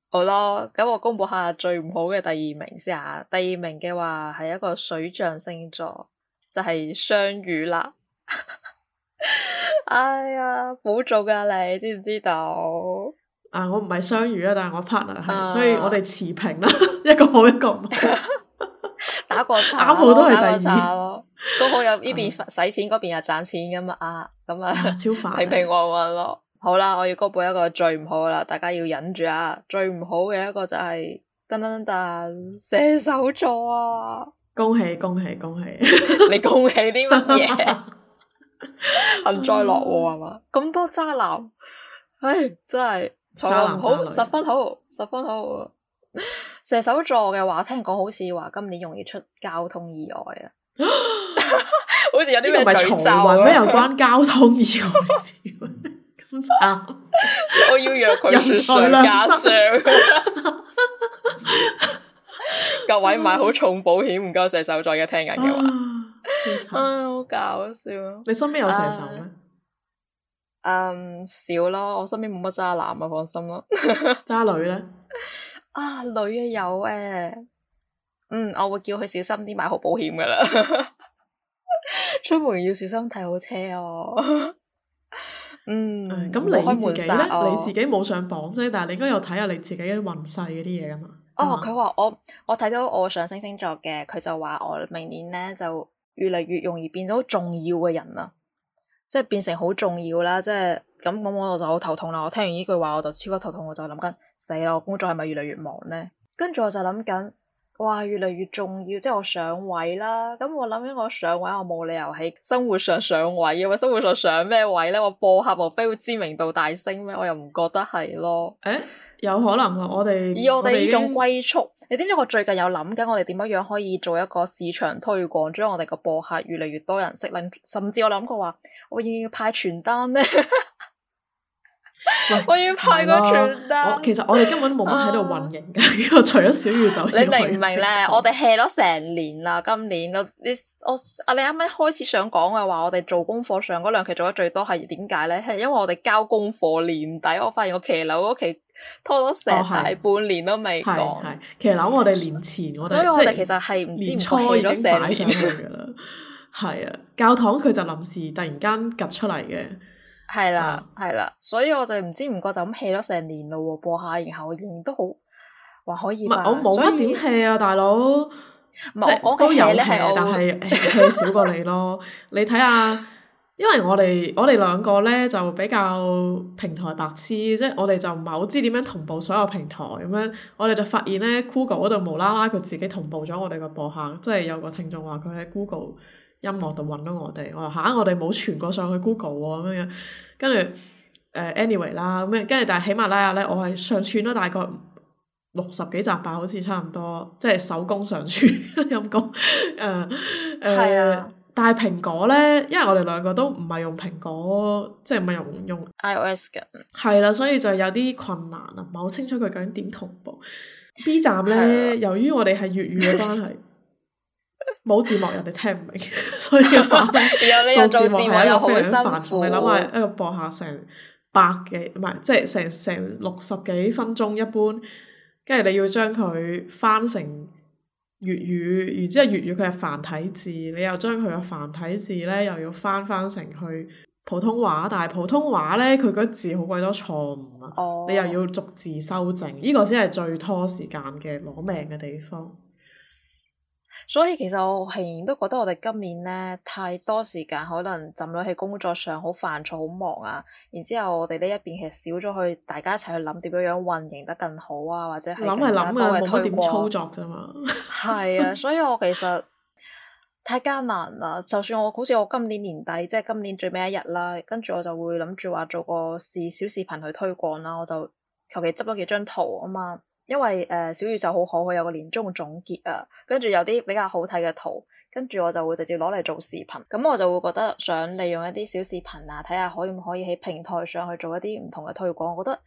S2: 好咯，咁我公布下最唔好嘅第二名先吓，第二名嘅話係一個水象星座，就係、是、雙魚啦。 [LAUGHS] 哎呀，好做噶你，知唔知道？啊，我唔
S1: 係雙魚啊，但係我 partner 係，uh、所以我哋持平啦，一個好一個唔好。
S2: [LAUGHS] 打個叉，啱好都係第二咯，都好有呢邊使錢，嗰邊又賺錢噶嘛，啊，咁啊，平平穩穩咯。好啦，我要公布一個最唔好啦，大家要忍住啊！最唔好嘅一個就係、是，噔噔噔，射手座啊！恭喜恭喜恭喜， [LAUGHS] 你恭喜
S3: 啲乜嘢？幸災樂禍係嘛？
S2: 咁多渣男，唉，真係渣唔好，十分好，十分好。射手座嘅話，聽講好似話今年容易出交通意外啊！ [LAUGHS] 好似有啲唔係財運咩？又關
S1: 交通意外事？
S2: 咁 [LAUGHS] 就 [LAUGHS] 我要約佢出上架相。 [LAUGHS] 各位買好重保險，唔該射手座而家聽緊嘅話。唉，好搞笑！ [LAUGHS] 啊！ [LAUGHS] 你身邊有射手咩？嗯，少咯，我身邊冇乜渣男啊，放心咯。渣女咧？啊，女嘅有誒，嗯，我會叫佢小心啲買好保險噶啦， [LAUGHS] 出門要小心睇好車哦、啊。嗯，咁、嗯、你自己咧，啊、你自己冇上榜啫，但係你應
S1: 該有睇下你自己嘅運勢嗰啲嘢噶
S2: 嘛。哦，佢話我我睇到我上升星座嘅，佢就話我明年咧就越嚟越容易變到重要嘅人啦，即係變成好重要啦，即係。咁咁我就好頭痛啦！我聽完呢句話我就超級頭痛，我就諗緊死啦！我工作係咪越嚟越忙呢？」跟住我就諗緊，哇！越嚟越重要，即係我上位啦！咁我諗緊我上位，我冇理由喺生活上上位啊！我，生活上上咩位呢？我播客無非會知名度大升咩？我又唔覺得係咯、欸。有可能啊！我哋以我哋呢種龜速，們你知唔知我最近有諗緊我哋點樣樣可以做一個市場推廣，將我哋個播客越嚟越多人識，甚至我諗過話，我要派傳單呢。 [LAUGHS] 」我要派個傳單。其實我哋根本冇乜喺度運
S1: 營㗎，除咗小魚就。你明
S2: 唔明咧？我哋 hea 咗成年啦，今年你我啊！你啱啱開始想講嘅話，我哋做功課上嗰兩期做得最多係點解咧？係因為我哋交功課年底，我發現我騎樓嗰期拖咗成大半年都未講。係係，騎樓我哋
S1: 年前我哋我哋其即
S2: 係
S3: 年初已經擺上去㗎啦。
S2: 係啊，教堂佢就臨時突然間夾出嚟嘅。係啦，係啦，所以我就唔知唔覺就咁棄咗成年咯，播下，然後仍然都好還可以。唔係我冇乜點棄啊，以大佬，我都有棄，但係
S1: 棄少過你咯。你睇下，因為我哋我哋兩個咧就比較平台白痴，即係我哋就唔係好知點樣同步所有平台咁樣。我哋就發現咧，Google 嗰度無啦啦佢自己同步咗我哋個播客，即係有個聽眾話佢喺 Google。音樂就搵到我哋，我話吓、啊，我哋冇傳過上去 Google 喎、啊，咁樣樣，跟住誒 anyway 啦，咁樣，跟住但係喜馬拉雅咧，我係上傳咗大概六十幾集吧，好似差唔多，即係手工上傳音樂，誒誒、呃啊呃，但係蘋果咧，因為我哋兩個都唔係用蘋果，即係唔係用用 iOS 嘅，係啦 always、啊，所以就有啲困難啊，唔係好清楚佢究竟點同步。B 站咧，啊、由於我哋係粵語嘅關係。 [LAUGHS] 冇 [LAUGHS] 字幕人，人哋聽唔明，所以
S3: 說 [LAUGHS] 做字幕係一個非常 [LAUGHS] 辛苦。你諗下，
S1: 一個播一下成百幾，唔係即係成成六十幾分鐘，一般，跟住你要將佢翻成粵語，然之後粵語佢係繁體字，你又將佢嘅繁體字咧，又要翻翻成去普通話，但係普通話咧，佢嗰字好鬼多錯誤啊，oh. 你又要逐字修正，呢、呢個先係最拖時間嘅攞命嘅地方。
S2: 所以其實我仍然都覺得我哋今年咧太多時間，可能浸咗喺工作上好煩躁、好忙啊。然之後我哋呢一邊其實少咗去大家一齊去諗點樣樣運營得更好啊，或者係更加多嘅推廣、啊、操作啫嘛。係啊，所以我其實太艱難啦。就算我好似我今年年底，即係今年最尾一日啦，跟住我就會諗住話做個視小視頻去推廣啦。我就求其執咗幾張圖啊嘛。嗯因為誒、呃，小宇宙好可，有個年終總結啊，跟住有啲比較好睇嘅圖，跟住我就會直接攞嚟做視頻。咁我就會覺得想利用一啲小視頻啊，睇下可唔可以喺平台上去做一啲唔同嘅推廣。我覺得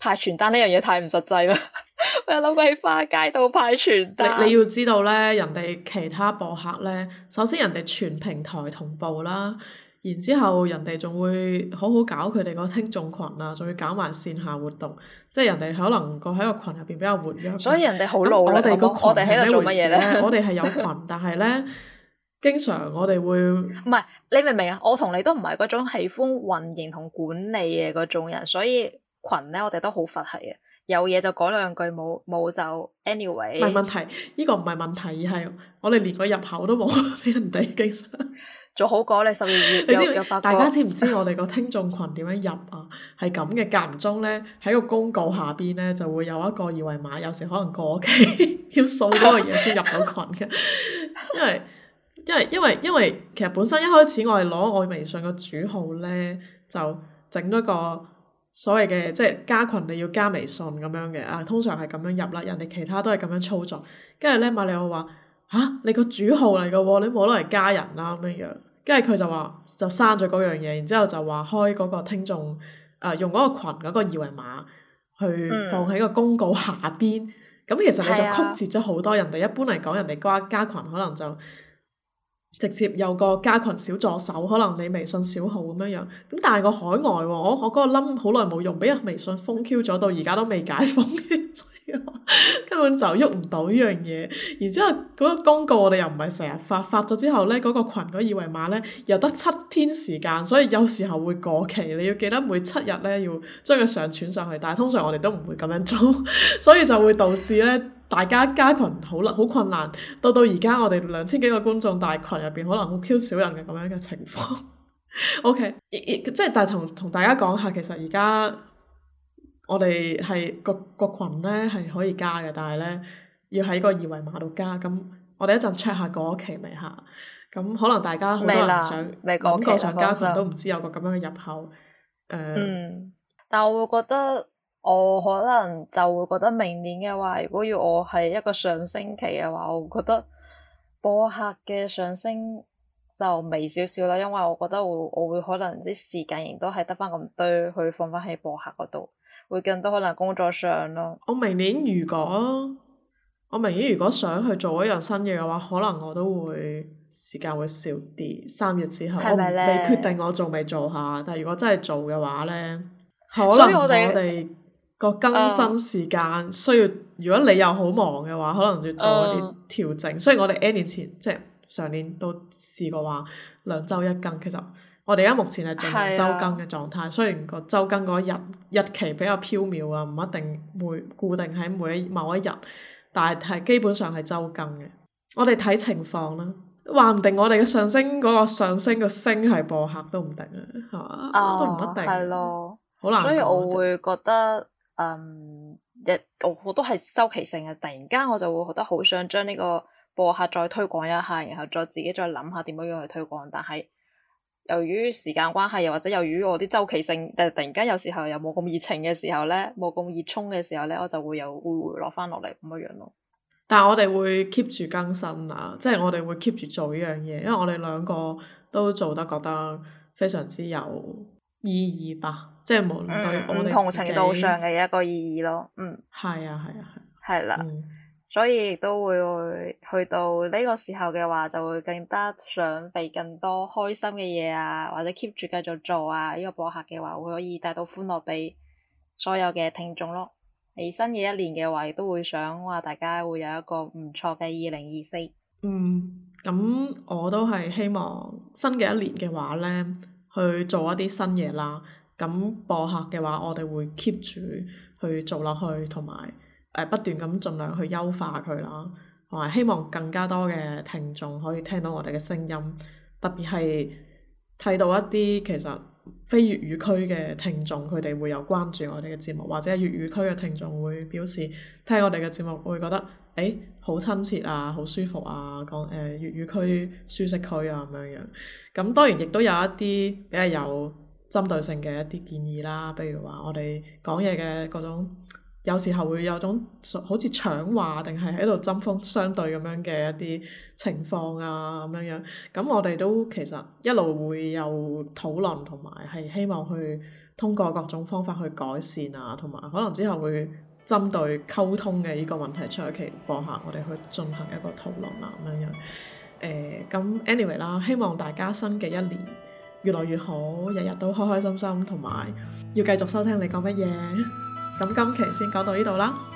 S2: 派傳單呢樣嘢太唔實際啦。 [LAUGHS] 我有諗過喺花街度派傳單。你，你要知道咧，人哋
S1: 其他播客咧，首先人哋全平台同步啦。然之後人哋仲會好好搞佢哋個聽眾群啊，仲會搞埋線下活動，即係人哋可能個喺個群入邊比較活躍。所以人哋好老啦，我哋喺度做乜嘢事咧？我哋係有群，
S2: 但係咧， [LAUGHS] 經常我哋會唔係你明唔明啊？我同你都唔係嗰種喜歡運營同管理嘅嗰種人，所以群咧我哋都好佛系嘅，有嘢就講兩句，冇冇就 anyway。唔係問題，呢個唔係問題，而係我哋連個入口都冇俾人哋。經常。做好過咧，十二月又大家
S1: 知唔知我哋個聽眾群點樣入啊？係咁嘅，間唔中咧喺個公告下邊咧就會有一個二維碼，有時可能過期 [LAUGHS] 要掃嗰個嘢先入到群嘅。 [LAUGHS] 因為因為因為因為其實本身一開始我係攞我微信個主號咧就整咗個所謂嘅即係加群你要加微信咁樣嘅啊，通常係咁樣入啦，人哋其他都係咁樣操作。跟住咧，瑪利奧話：嚇、啊，你個主號嚟嘅喎，你冇攞嚟加人啦咁樣樣。跟住佢就話就刪咗嗰樣嘢，然之後就話開嗰個聽眾、呃，用嗰個群嗰個二維碼去放喺個公告下面。咁、嗯嗯、其實你就曲折咗好多、嗯、人哋。一般嚟講，人哋加群可能就直接有個加群小助手，可能你微信小號咁樣樣。咁但係個海外喎，我我嗰個冧好耐冇用，俾人微信封 Q 咗，到而家都未解封。 [LAUGHS] 根本就喐唔到呢樣嘢，然之後嗰個公告我哋又唔係成日發，發咗之後咧，嗰個群嗰個二維碼咧又得七天時間，所以有時候會過期，你要記得每七日咧要將佢上傳上去，但係通常我哋都唔會咁樣做，所以就會導致咧大家加群好難，好困難，到到而家我哋兩千幾個觀眾大群入邊，可能好 Q 少人嘅咁樣嘅情況。 [LAUGHS] OK，即係，但係同同大家講下，其實而家。我哋係個個羣咧係可以加嘅，但係咧要喺個二維碼度加。咁我哋一陣 check 下嗰期未下。咁可能大家好多人想，未未過，想過上交集都唔知有個咁樣嘅入口。誒，嗯，
S2: 嗯但我會覺得我可能就會覺得明年嘅話，如果要我係一個上升期嘅話，我會覺得播客嘅上升就微少少啦，因為我覺得我我會可能啲時間亦都係得翻咁多去放翻喺播客嗰度。會更多可能工作上咯。
S1: 我明年如果我明年如果想去做一樣新嘢嘅話，可能我都會時間會少啲。三日之後吧我未決定，我仲未做，做下。但係如果真係做嘅話咧，可能我哋個更新時間需要。如果你又好忙嘅話，可能要做一啲調整。嗯。所以我哋 N 年前即係上年都試過話兩周一更，其實。我哋而家目前係進行周更嘅狀態，的雖然個周更嗰日日期比較飄渺啊，唔一定會固定喺每一某一日，但係係基本上係周更嘅。我哋睇情況啦，話唔定我哋嘅上升嗰、那個上升個升係播客都唔定啊，
S2: 係嘛、啊？都唔一定。係咯、啊，好難所以我會覺得，嗯，日我都係周期性嘅。突然間我就會覺得好想將呢個播客再推廣一下，然後再自己再諗下點樣樣去推廣，但係。由於時間關係，又或者由於我啲周期性，誒突然間有時候又冇咁熱情嘅時候咧，冇咁熱衷嘅時候咧，我就會有會回，回落翻落嚟咁嘅樣咯。
S1: 但係我哋會 keep 住更新啊，即係我哋會 keep 住做呢樣嘢，因為我哋兩個都做得覺得非常之有意義吧，即係無論對我哋自己唔、嗯嗯、同程度上
S2: 嘅一個意義咯。嗯，係啊，係啊，係啦、啊。所以亦都會，會去到呢個時候嘅話，就會更加想俾更多開心嘅嘢啊，或者 keep 住繼續做啊。呢、這個播客嘅話，會可以帶到歡樂俾所有嘅聽眾咯。係新嘅一年嘅話，亦都會想話大家會有一個唔錯嘅二零二四。
S1: 嗯，咁我都係希望新嘅一年嘅話咧，去做一啲新嘢啦。咁播客嘅話，我哋會 keep 住去做落去，同埋。不斷咁盡量去優化佢啦，同埋希望更加多嘅聽眾可以聽到我哋嘅聲音，特別係睇到一啲其實非粵語區嘅聽眾，佢哋會有關注我哋嘅節目，或者係粵語區嘅聽眾會表示聽我哋嘅節目會覺得誒好、欸、親切啊，好舒服啊，講誒、欸、粵語區舒適區啊咁樣樣。咁當然亦都有一啲比較有針對性嘅一啲建議啦，譬如我話我哋講嘢嘅嗰種。有時候會有種好似搶話定係喺度針鋒相對咁樣嘅一啲情況啊咁樣樣，咁我哋都其實一路會有討論同埋係希望去通過各種方法去改善啊，同埋可能之後會針對溝通嘅呢個問題出一期播一下，我哋去進行一個討論啊。咁樣樣。誒、呃，咁 anyway 啦，希望大家新嘅一年越來越好，日日都開開心心，同埋要繼續收聽你講乜嘢。咁今期先講
S3: 到呢度啦～